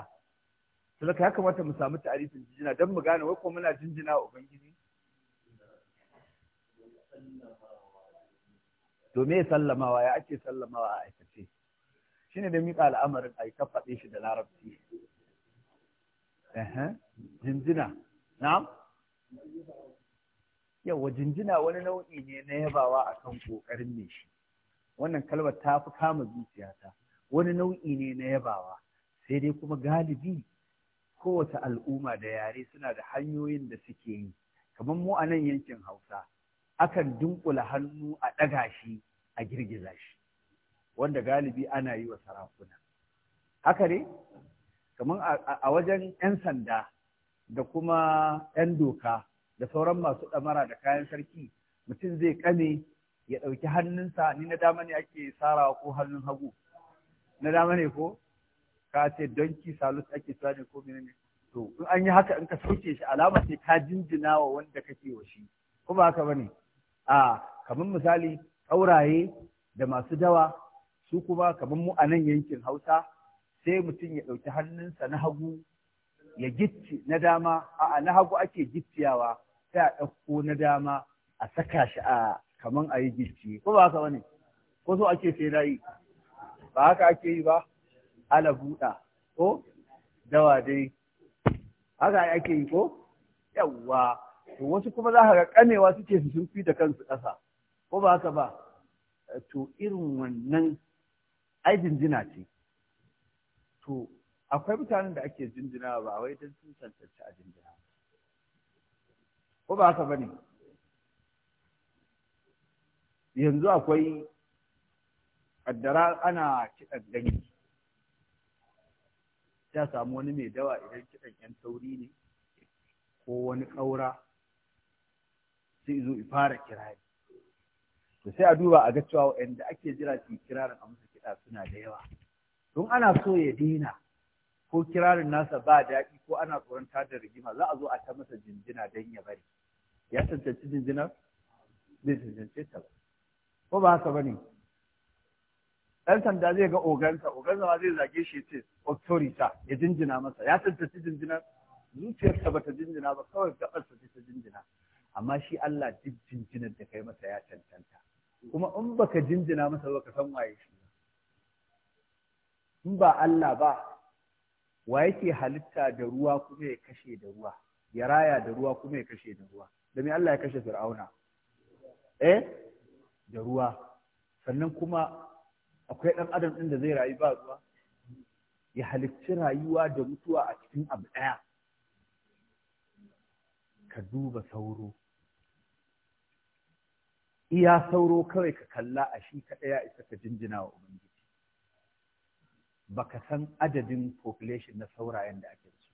talaka ya kamata mu samu tarihin jinjina don mu gane wai ko muna jinjina ubangiji to me sallamawa ya ake sallamawa a aikace shine da miƙa al'amarin ai yi faɗe shi da larabci jinjina na'am yawa jinjina wani nau'i ne na yabawa akan ƙoƙarin ne shi wannan kalmar ta fi kama zuciyata wani nau'i ne na yabawa sai dai kuma galibi kowace al'umma da yare suna da hanyoyin da suke yi kamar mu a nan yankin hausa akan dunkula hannu a ɗaga shi a girgiza shi wanda galibi ana yi wa sarakuna haka ne kamar a wajen 'yan sanda da kuma 'yan doka da sauran masu ɗamara da kayan sarki mutum zai kame ya ɗauki hannunsa ni na dama ne ake sarawa ko hannun hagu na dama ne ko ka ce ki salus ake sa ne ko menene to in an yi haka in ka sauke shi alama ce ka jinjina wa wanda kake wa shi ko ba haka bane a kamar misali ƙauraye da masu dawa su kuma kamar mu a nan yankin Hausa sai mutum ya ɗauki hannunsa na hagu ya gicci na dama a na hagu ake gicciyawa sai a ɗauko na dama a saka shi a kamar a yi gicci ko ba haka bane ko so ake sai na ba haka ake yi ba ala buɗa ko dawa dai haka ake yi ko yawwa to wasu kuma za ka ga ƙanewa suke su sun fi da kansu ƙasa ko ba haka ba to irin wannan ai jinjina ce to akwai mutanen da ake jinjina ba wai don sun cancanci a jinjina ko ba haka ba ne yanzu akwai ƙaddara ana kiɗan ganye ya samu wani mai dawa idan kiɗan yan tauri ne ko wani ƙaura sai zo fara kirari to sai a duba a ga cewa waɗanda ake jira su kirarin a musu kiɗa suna da yawa don ana so ya dina ko kirarin nasa ba daɗi ko ana tsoron da rigima za a zo a ta masa jinjina don ya bari ya tantance jinjinar bai tantance ta ba ko ba haka ba ne ɗan sanda zai ga ogansa ogansa ma zai zage shi ce authorita oh, ya jinjina masa ya tantance jinjina zuciyarsa ta jinjina ba kawai gabarsa ce ta jinjina amma shi Allah duk jinjinar da kai masa ya cancanta kuma in baka jinjina masa ba ka san waye shi in ba Allah ba wa yake halitta da ruwa kuma ya kashe da ruwa ya raya da ruwa kuma ya kashe da ruwa da me Allah ya kashe Fir'auna eh da ruwa sannan kuma akwai ɗan adam ɗin da zai rayu ba zuwa? ya halicci rayuwa da mutuwa a cikin abu ɗaya ka duba sauro iya sauro kawai ka kalla a shi ka ɗaya isa ka jinjina wa ubangiji ka san adadin population na saurayen da ake su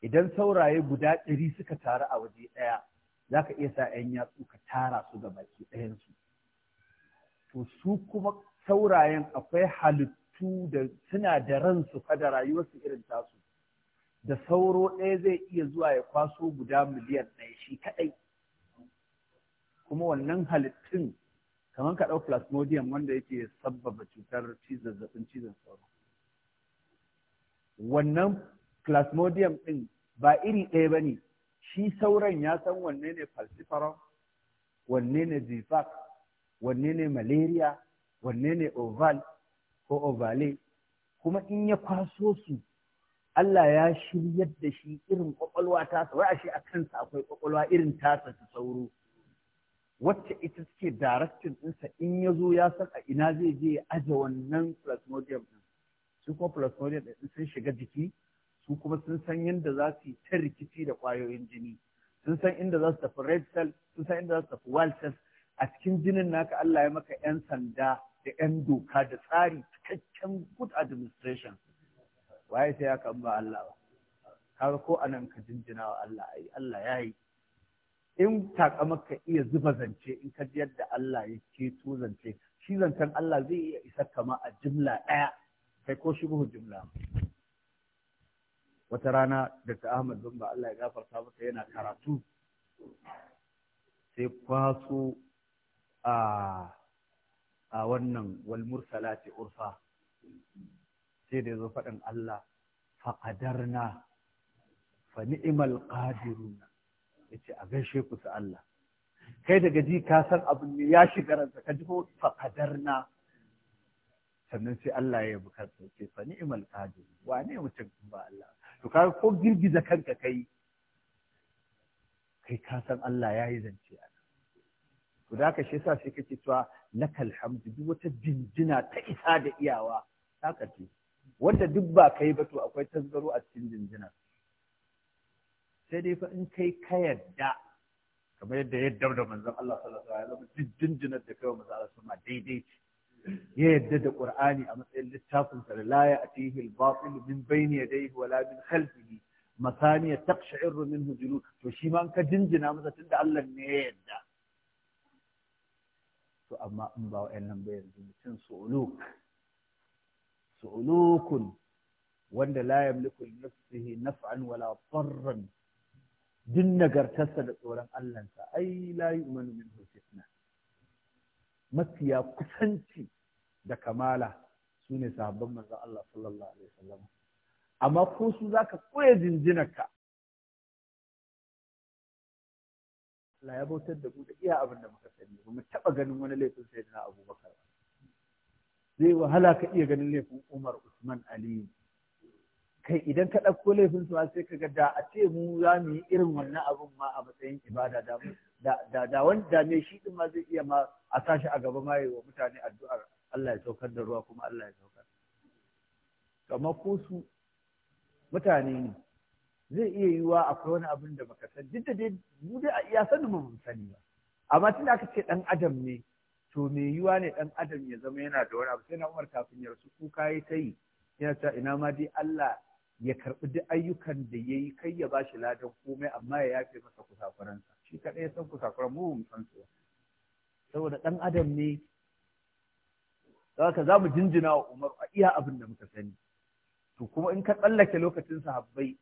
idan sauraye guda ɗari suka taru a waje ɗaya za ka iya sa 'yan yatsu ka tara su ga baki ɗayansu to su kuma saurayen akwai halittu da suna da ransu fa da rayuwarsu irin tasu da sauro ɗaya zai iya zuwa ya kwaso guda miliyan ɗaya shi kaɗai kuma wannan halittun kamar ka ɗau plasmodium wanda yake sabbaba cutar cizon zazzabin cizon sauro wannan plasmodium ɗin ba iri ɗaya ba ne shi sauran ya san wanne ne falciparon, wanne ne zifak wanne ne malaria wanne ne oval ko ovale kuma in ya kwaso su Allah ya shiryar da shi irin kwakwalwa tasa wai shi a kansa akwai kwakwalwa irin tasa ta sauro wacce ita ce direction ɗinsa in ya zo ya san a ina zai je ya aje wannan plasmodium ɗin su kuma plasmodium ɗin sun shiga jiki su kuma sun san yadda za su yi ta rikici da ƙwayoyin jini sun san inda za su tafi red cell sun san inda za su tafi wild cell a cikin jinin naka Allah ya maka 'yan sanda da 'yan doka da tsari cikakken good administration waye sai ya kan Allah ba kaga ko anan ka jinjina wa Allah ai Allah ya yi in maka iya zuba zance in ka ji yadda Allah ya ke to zance shi zancen Allah zai iya isa kama a jimla ɗaya kai ko buhu jumla wata rana ta Ahmad Zumba Allah ya gafarta masa yana karatu sai kwaso a a wannan walmursalati urfa sai da ya zo faɗin Allah faƙadarna fa ni'imal qadiruna yace a gaishe ku su Allah kai daga ji ka san abin ne ya shiga ranka ka ji ko faƙadarna sannan sai Allah ya yabi kansa ce fa ni'imal qadir wane mutum ba Allah to ka ko girgiza kanka kai kai ka san Allah ya yi zance a to da haka shi yasa sai kake cewa lakal hamdu duk wata jinjina ta isa da iyawa haka ce wanda duk ba kai ba to akwai tasgaro a cikin jinjina sai dai fa in kai ka yadda kamar yadda ya da manzon Allah sallallahu alaihi wasallam duk jinjina da kai manzon Allah sama daidai ce ya yadda da Qur'ani a matsayin littafin sa la ya'tihi al-batil min bayni yadayhi wala min khalfihi masaniya taqsha'irru minhu julud to shi ma ka jinjina masa tunda Allah ne ya yadda to amma in ba wa'annan ba yanzu mutum su'uluk su'ulukun wanda la yamliku li nafsihi naf'an wala darran din nagartarsa da tsoron Allahnsa ai la yu'minu fitna mafiya kusanci da kamala su ne sahabban manzon Allah sallallahu alaihi wasallam amma ko su zaka koya jinjinarka Allah ya bautar da mu da iya abin da muka sani ba mu taɓa ganin wani laifin sai da abubakar zai wahala ka iya ganin laifin umar usman ali kai idan ka ɗauko laifin su sai ka ga da a ce mu za mu yi irin wannan abun ma a matsayin ibada da da da wanda ne shi din ma zai iya ma a sashi a gaba ma wa mutane addu'ar Allah ya saukar da ruwa kuma Allah ya saukar kamar ko su mutane ne zai iya yiwuwa akwai wani abin da baka san duk da dai mu dai ya san mu mun sani ba amma tun aka ce dan adam ne to me yiwuwa ne dan adam ya zama yana da wani abu sai na Umar kafin ya rasu kuka yi ta yi yana ta ina ma dai Allah ya karbi duk ayyukan da yayi kai ya bashi ladan komai amma ya yafe masa sa shi kadai ya san kusakuran mu mun san su saboda dan adam ne haka za mu jinjina wa Umar a iya abin da muka sani to kuma in ka tsallake lokacin sahabbai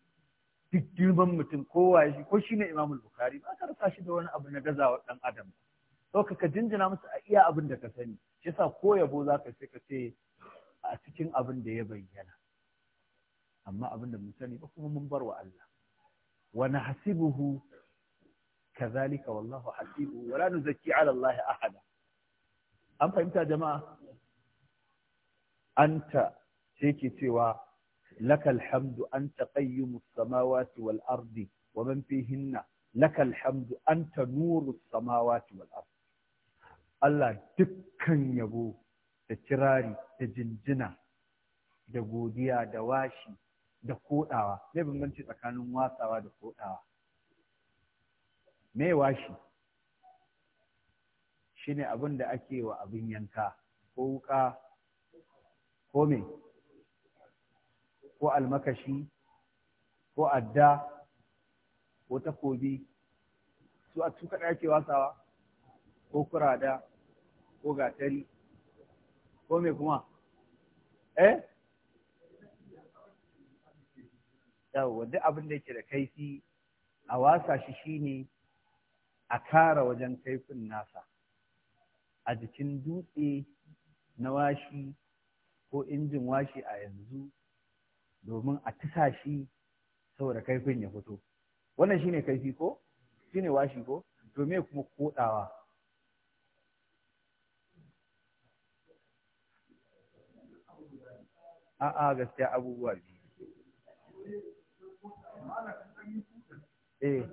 duk girman mutum kowa shi ko shine Imam bukari ba ka rasa shi da wani abu na gazawar dan adam to ka jinjina musu a iya abin da ka sani shi yasa ko yabo zaka ce ka ce a cikin abin da ya bayyana amma abin da mun sani ba kuma mun bar wa Allah wa nahsibuhu kazalika wallahu hasibuhu wa la nuzakki ala Allah ahada an fahimta jama'a anta sai ke cewa لك الحمد أنت قيم السماوات والأرض ومن فيهن لك الحمد أنت نور السماوات والأرض Allah dukkan yabo da kirari da jinjina da godiya da washi da kodawa zai bambanci tsakanin wasawa da kodawa me washi shine abin da ake wa abin yanka ko wuka ko me ko almakashi ko adda ko takobi su a tuka ake wasawa ko kurada ko gatari ko me kuma eh yawo duk abin da yake da kaifi a wasa shi shine a kara wajen kaifin nasa a jikin dutse na washi ko injin washi a yanzu domin a tisa shi saboda kaifin ya fito wannan shine kaifi ko shine washi ko to me kuma kodawa a'a gaskiya abubuwa biyu eh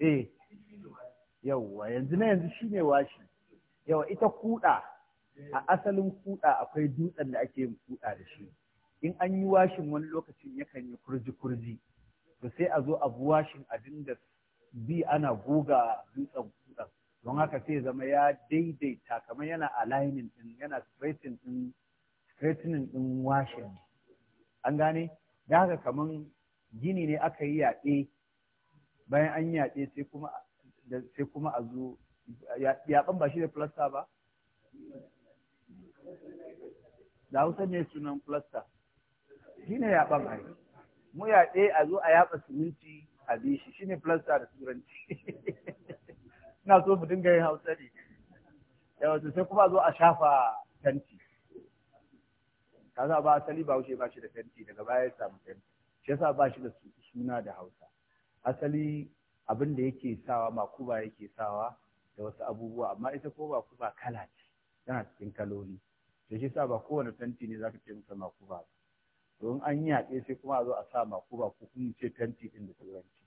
eh yanzu na yanzu shi ne washi yawa ita kuɗa a asalin kuɗa akwai dutsen da ake yin kuɗa da shi in an yi washin wani lokacin yakan yi kurji-kurji to sai a zo a bi washin a dinga bi ana goga dutsen kuɗa. don haka sai zama ya daidaita kamar yana alainin din yana straightening din straightening din washin an gane da haka kamar gini ne aka yi yaɗe bayan an yaɗe sai kuma sai kuma a zo yaɓan ba shi ne plasta ba? Da Hausa ne sunan plasta. Shi ne yaɓan ai. Mu yaɗe a zo a yaɓa siminti a bi shi, shi ne plasta da turanci. (laughs) Ina so mu dinga yin Hausa ne. Yawanci sai kuma zo a shafa tanti. Kaza ba asali ba wuce ba shi da tanti daga baya ya samu tanti. Shi yasa ba shi da suna da Hausa. Asali abin da yake sawa makuba yake sawa da wasu abubuwa amma ita ko ba kuba kala ce tana cikin kaloli da shi sa ba kowane tanti ne zaka ce masa makuba ba don an yi yaƙe sai kuma a zo a sa maku ba ko kuma ce tanti din da turanci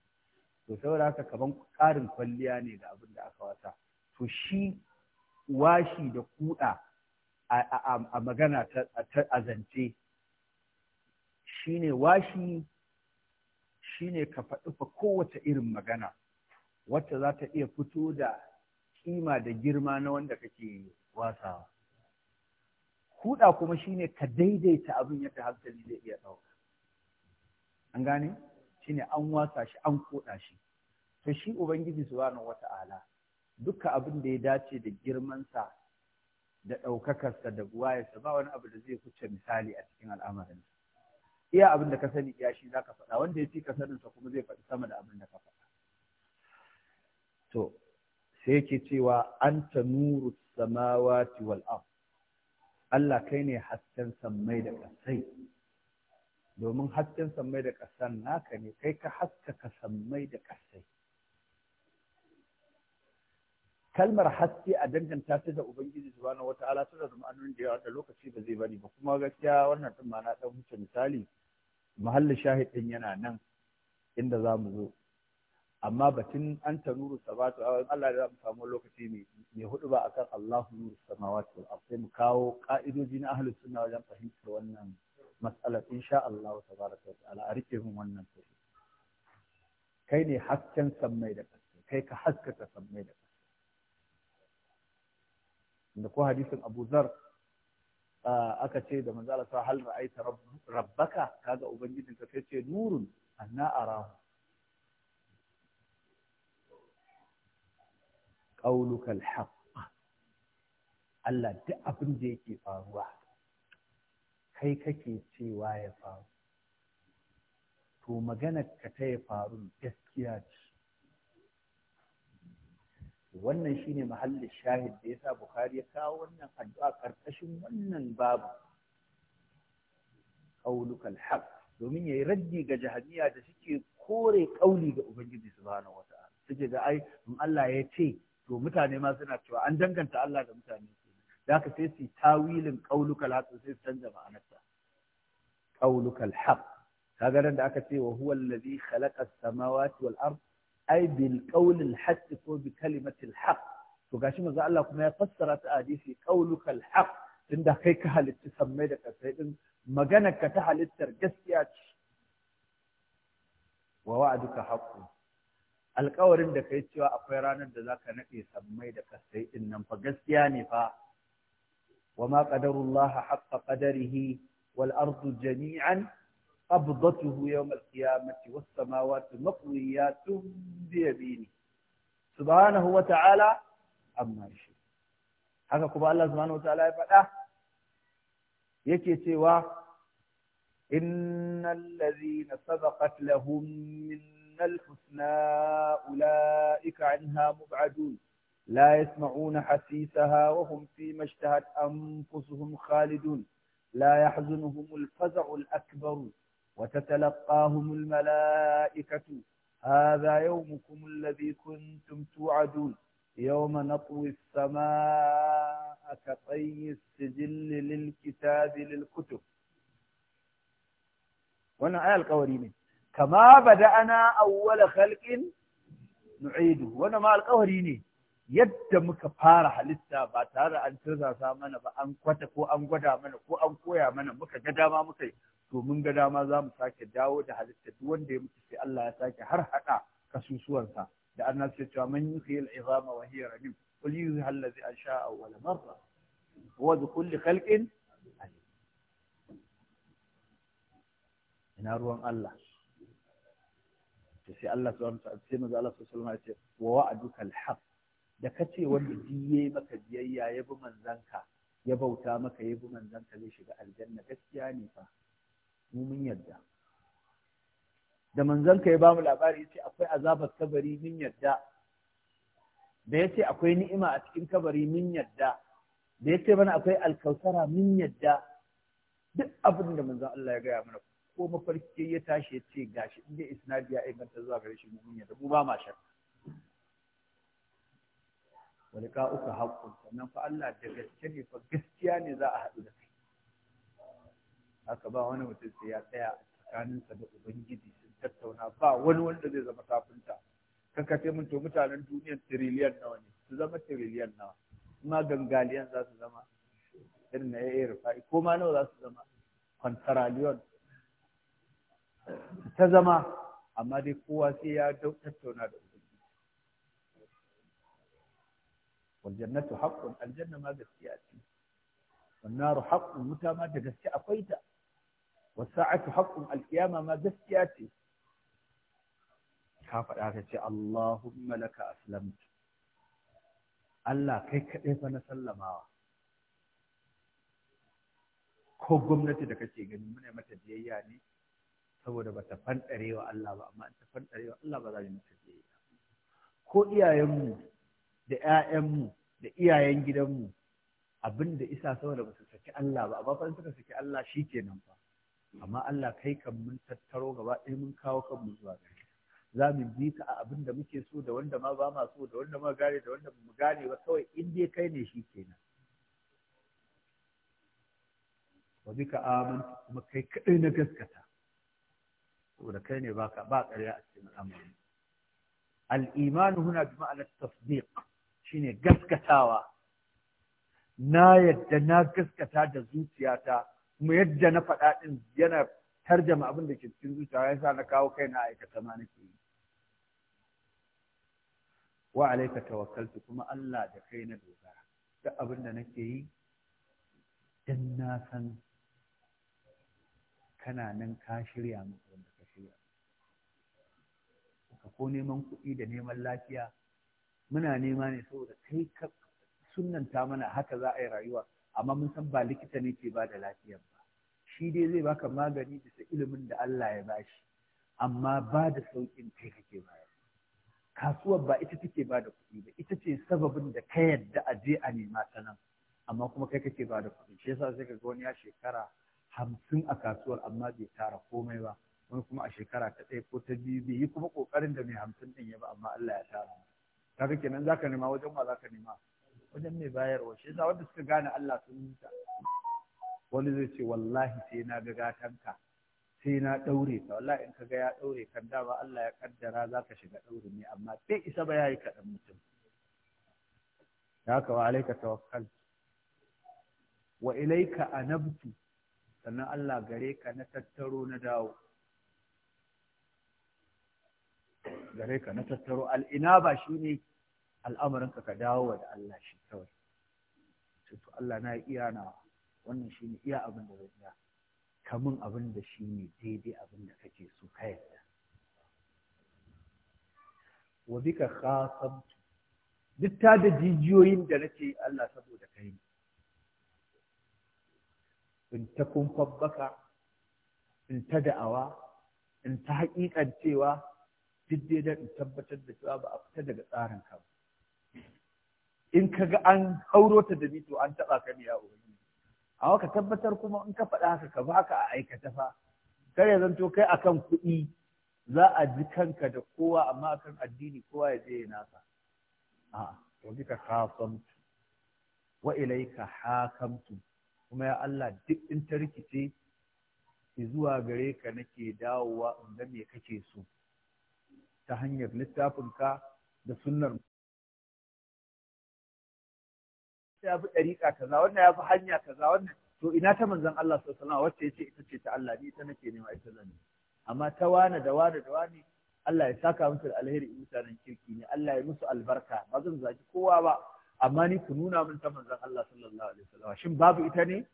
to saboda haka kaman ƙarin kwalliya ne da abin da aka wasa to shi washi da kuɗa a magana a zance shine washi shine ka faɗi fa kowace irin magana wacce za ta iya fito da kima da girma na wanda kake wasawa huda kuma shine ka daidaita abin yadda hankali zai iya ɗauka an gane shine an wasa shi an koɗa shi to shi ubangiji wata wata'ala duka abin da ya dace da girmansa da ɗaukakarsa da buwayarsa ba wani abu da zai kuce misali a cikin al'amarin. iya abin da ka sani ya shi za ka faɗa wanda ya fi ka saninsa kuma zai faɗi sama da abin da ka faɗa to sai yake cewa anta nuru samawati wal ard Allah kai ne hasken sammai da ƙasai domin hasken sammai da ƙasan naka ne kai ka haskaka sammai da ƙasai kalmar haske a danganta ta da ubangiji subhanahu wataala tana da ma'anonin da yawa da lokaci ba zai bari ba kuma gaskiya wannan din ma na dan wuce misali mahallin shahidin yana nan inda za mu zo amma batun an ta nuru sabatu a Allah da mu samu lokaci ne mai hudu ba akan Allahu nuru samawati wal ardh mu kawo ka'idoji na ahlus sunna wajen fahimtar wannan mas'alar insha Allah tabaraka wa ta'ala a rike mun wannan tafi kai ne hasken sammai da ƙasa kai ka haskaka sammai da ƙasa da ko hadisin Abu Zar aka ce da manzo Allah sa hal ra'aita rabbaka kaga ubangijinka sai ce nurun anna arahu qauluka alhaq Allah duk abin da yake faruwa kai kake cewa ya faru to maganar ka ta ya faru gaskiya ce wannan shine mahallin shahid da yasa bukhari ya kawo wannan addu'a karkashin wannan babu qauluka alhaq domin yayi raddi ga jahaniya da suke kore kauli ga ubangiji subhanahu wata'ala suke ga ai in Allah ya ce to mutane ma suna cewa an danganta Allah da mutane da haka sai su tawilin qaulukal haq sai su canza ma'anarsa qaulukal haq kaga nan da aka ce wa huwa allazi khalaqa as-samawati wal ard ay bil qawlil haqq ko bi kalimatil haqq to gashi manzo Allah kuma ya fassara ta hadisi qaulukal haqq tunda kai ka halitta sammai da kasai din maganar ka ta halittar gaskiya ce wa wa'aduka haqqun alƙawarin da kai cewa akwai ranar da zaka nade sammai da kasai din nan fa gaskiya ne fa wa ma qadarullaha haqqa qadarihi wal ardu jami'an qabdatuhu yawm al qiyamati was samawati maqwiyatun bi yamini subhanahu wa ta'ala amma shi haka kuma Allah subhanahu wa ta'ala ya faɗa yake cewa innal ladhina sabaqat lahum min الحسنى أولئك عنها مبعدون لا يسمعون حسيسها وهم فيما اشتهت أنفسهم خالدون لا يحزنهم الفزع الأكبر وتتلقاهم الملائكة هذا يومكم الذي كنتم توعدون يوم نطوي السماء كطي السجل للكتاب للكتب وانا آية القواري kama ana awwala khalqin nu'idu wannan ma alƙawari ne yadda muka fara halitta ba tare an sa mana ba an kwata ko an gwada mana ko an koya mana muka ga dama muka yi to mun ga dama za mu sake dawo da halitta duk wanda ya mutu sai Allah ya sake har hada kasusuwansa da annabi ya cewa man yuhyi al wa hiya ramim qul yuhyi allazi ansha awwala marra huwa bi kulli khalqin ina ruwan Allah to sai Allah subhanahu wa ta'ala sai manzo Allah sallallahu alaihi wasallam ya ce wa wa'aduka alhaq da kace wanda diye maka biyayya ya bi manzanka ya bauta maka ya bi manzanka zai shiga aljanna gaskiya ne fa mu mun yarda da manzanka ya bamu labari yace akwai azabar kabari mun yarda da yace akwai ni'ima a cikin kabari mun yarda da yace mana akwai alkausara mun yarda duk abin da manzon Allah ya gaya mana ko mafarki ya tashi ya ce gashi inda isnadi ya inganta zuwa gare shi mumin ya mu ba ma shakka wa uka haqqun sannan fa Allah da gaske ne fa gaskiya ne za a haɗu da kai haka ba wani mutum sai ya tsaya tsakaninsa da ubangiji sun tattauna ba wani wanda zai zama kafinta kan ka mun to mutanen duniyan tiriliyan nawa ne su zama tiriliyan nawa kuma gangaliyan za su zama irin na ya rufa'i ko ma nawa za su zama kwantaraliyon ta zama amma dai kowa sai ya tattauna da ubangiji wal jannatu haqqun aljanna ma gaskiya ce wan naru haqqun wuta ma da gaskiya akwai ta wa sa'atu haqqun qiyama ma gaskiya ce ka faɗa ka ce Allahumma laka aslamtu Allah kai kaɗai fa na sallamawa ko gwamnati da kake gani muna mata biyayya ne saboda ba ta fantare wa Allah ba amma ta fanɗare wa Allah ba za mu mata ko iyayenmu da ƴaƴanmu da iyayen gidanmu abin da isa saboda ba su saki Allah ba amma fa suka saki Allah shikenan fa amma Allah kai kan mun tattaro gaba ɗaya mun kawo kanmu zuwa gare za mu bi ka a abin da muke so da wanda ma ba ma so da wanda ma gane da wanda mu gane ba kawai in dai kai ne shikenan wa bika amantu kuma kai kadai na gaskata saboda kai ne baka ba ƙarya a cikin al'amari al huna bi ma'anar tasdiq shine gaskatawa na yadda na gaskata da zuciyata kuma yadda na faɗa ɗin yana tarjama abin da ke cikin zuciya ya sa na kawo kai na aikata ma nake yi wa alaika tawakkaltu kuma Allah da kai na dogara da abin da nake yi dan na san kana nan ka shirya min ka ko neman kuɗi da neman lafiya muna nema ne saboda kai ka sunanta mana haka za a yi rayuwa amma mun san ba likita ne ke ba da lafiyar ba shi dai zai baka magani da sai ilimin da Allah ya ba shi amma ba da sauƙin kai kake bayar kasuwar ba ita take ba da kuɗi ba ita ce sababin da ka yadda a je a nema ta nan amma kuma kai kake ba da kuɗi shi yasa sai ka ga wani ya shekara hamsin a kasuwar amma bai tara komai ba wani kuma a shekara ta ɗaya ko ta biyu bai yi kuma ƙoƙarin da mai hamsin ɗin ya ba amma Allah ya tara ga kenan zaka nema wajen wa ka nema wajen mai bayarwa shi yasa wanda suka gane Allah sun huta wani zai ce wallahi sai na ga gatanka sai na ɗaure ka wallahi in ka ga ya ɗaure kan dama Allah ya kaddara zaka shiga ɗaure ne amma bai isa ba yayi kaɗan mutum haka wa alaika tawakkal wa ilaika anabtu sannan Allah gare ka na tattaro na dawo gare ka na tattaro al'ina shi ne al'amuranka ka dawo da Allah shi kawai to Allah na iya na wannan shi ne iya abin da zan kamun abin da shi ne daidai abin da kake so ka yarda wa bika duk ta da jijiyoyin da nake Allah saboda kai in ta kun fabbaka in ta da'awa in ta haƙiƙancewa duk dai da tabbatar da cewa ba a fita daga tsarin ka in ka ga an hauro ta da to an taba ka ne a wuri amma ka tabbatar kuma in ka faɗa haka ka ka a aikata fa kar ya zanto kai akan kuɗi za a ji kanka da kowa amma akan addini kowa ya je ya nasa a wa bika khasamtu wa ilaika hakamtu kuma ya Allah duk in ta rikice zuwa gare ka nake dawowa in ga me kake so ta hanyar littafinka da sunnar ya fi ɗariƙa kaza wannan ya fi hanya kaza wannan to ina ta manzan Allah sau alaihi wacce yace ita ce ta Allah ni ita nake nema ita zan yi. amma ta wane da wane da wane Allah ya saka musu da alheri in mutanen kirki ne Allah ya musu albarka ba zan zaki kowa ba amma ni ku nuna min ta manzan Allah sallallahu alaihi wasallam shin babu ita ne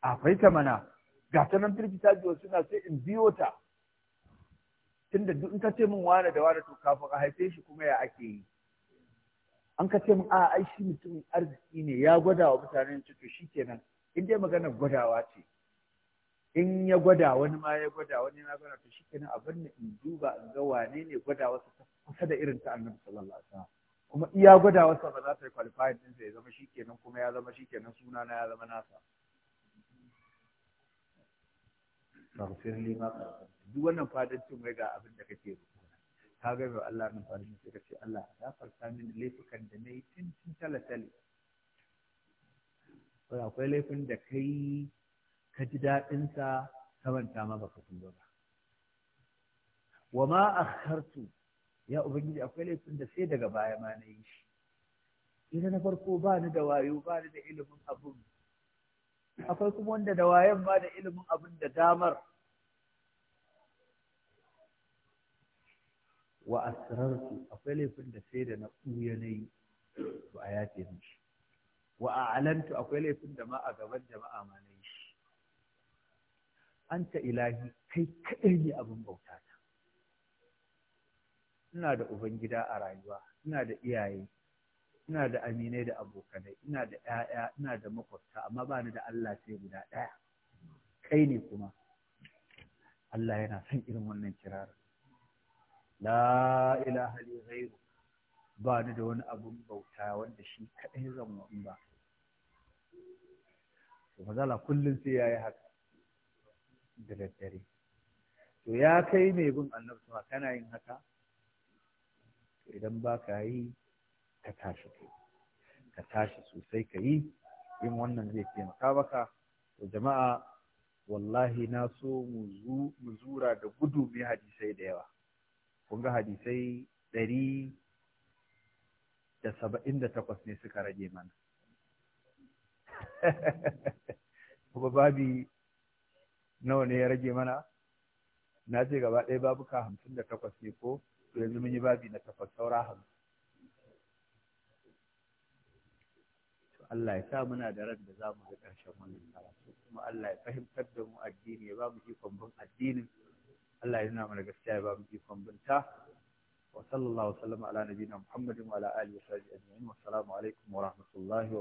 a faita mana ga ta nan firgita jiwa suna sai in biyo ta tunda duk in ka ce min wane da wane to kafin a haife shi kuma ya ake yi an ka ce min a ai shi mutumin arziki ne ya gwada wa mutanen to shi kenan in dai maganar gwadawa ce in ya gwada wani ma ya gwada wani ma gwada to shi kenan abin da in duba in ga wane ne gwada wasu kusa da irin ta annabi sallallahu alaihi wasallam kuma iya gwada wasu ba za ta yi qualifying din ya zama shi kenan kuma ya zama shi kenan suna na ya zama nasa faghfir li ma duk wannan fadin cin wai ga abin da kake rubuta ka ga ga Allah nan farin sai kace Allah ya farka mini laifukan da nayi tun tun talatali ko akwai laifin da kai ka ji daɗin sa manta ma baka tuba ba wa ma akhartu ya ubangiji akwai laifin da sai daga baya ma na yi shi idan na farko ba ni da wayo ba ni da ilimin abun akwai kuma wanda da wayan ba da ilimin abun da damar wa asrartu akwai laifin da sai da na ɓuya na yi to a yafe mishi wa a'lantu akwai laifin da ma a gaban jama'a ma na yi anta ilahi kai kaɗai ne abin bauta ta ina da ubangida a rayuwa ina da iyaye ina da aminai da abokanai ina da ƴaƴa ina da makwabta amma ba ni da Allah sai guda ɗaya kai ne kuma Allah yana son irin wannan kirarin la ilaha li ghayru ba ni da wani abun bauta wanda shi kadai zan wa ba to kullum sai yayi haka da daddare to ya kai mai bin annabi sama kana yin haka to idan ba ka yi ka tashi ka tashi sosai ka yi yin wannan zai taimaka baka to jama'a wallahi na so mu zura da gudu mai hadisai da yawa kun ga hadisai ɗari da saba'in da takwas ne suka rage mana (laughs) kuma babi nawa ne ya rage mana na ce gaba ɗaya babuka hamsin da takwas ne ko to yanzu mun yi babi na takwas saura hamsin Allah ya sa muna da ran da za mu ga ƙarshen wannan karatu kuma Allah ya fahimtar da mu addini ya ba mu ikon bin addinin Allah ya nuna mana gaskiya ya ba mu ikon binta wa sallallahu alaihi wa sallam ala nabiyina Muhammadin wa ala alihi wa sahbihi ajma'in wa assalamu alaikum wa rahmatullahi wa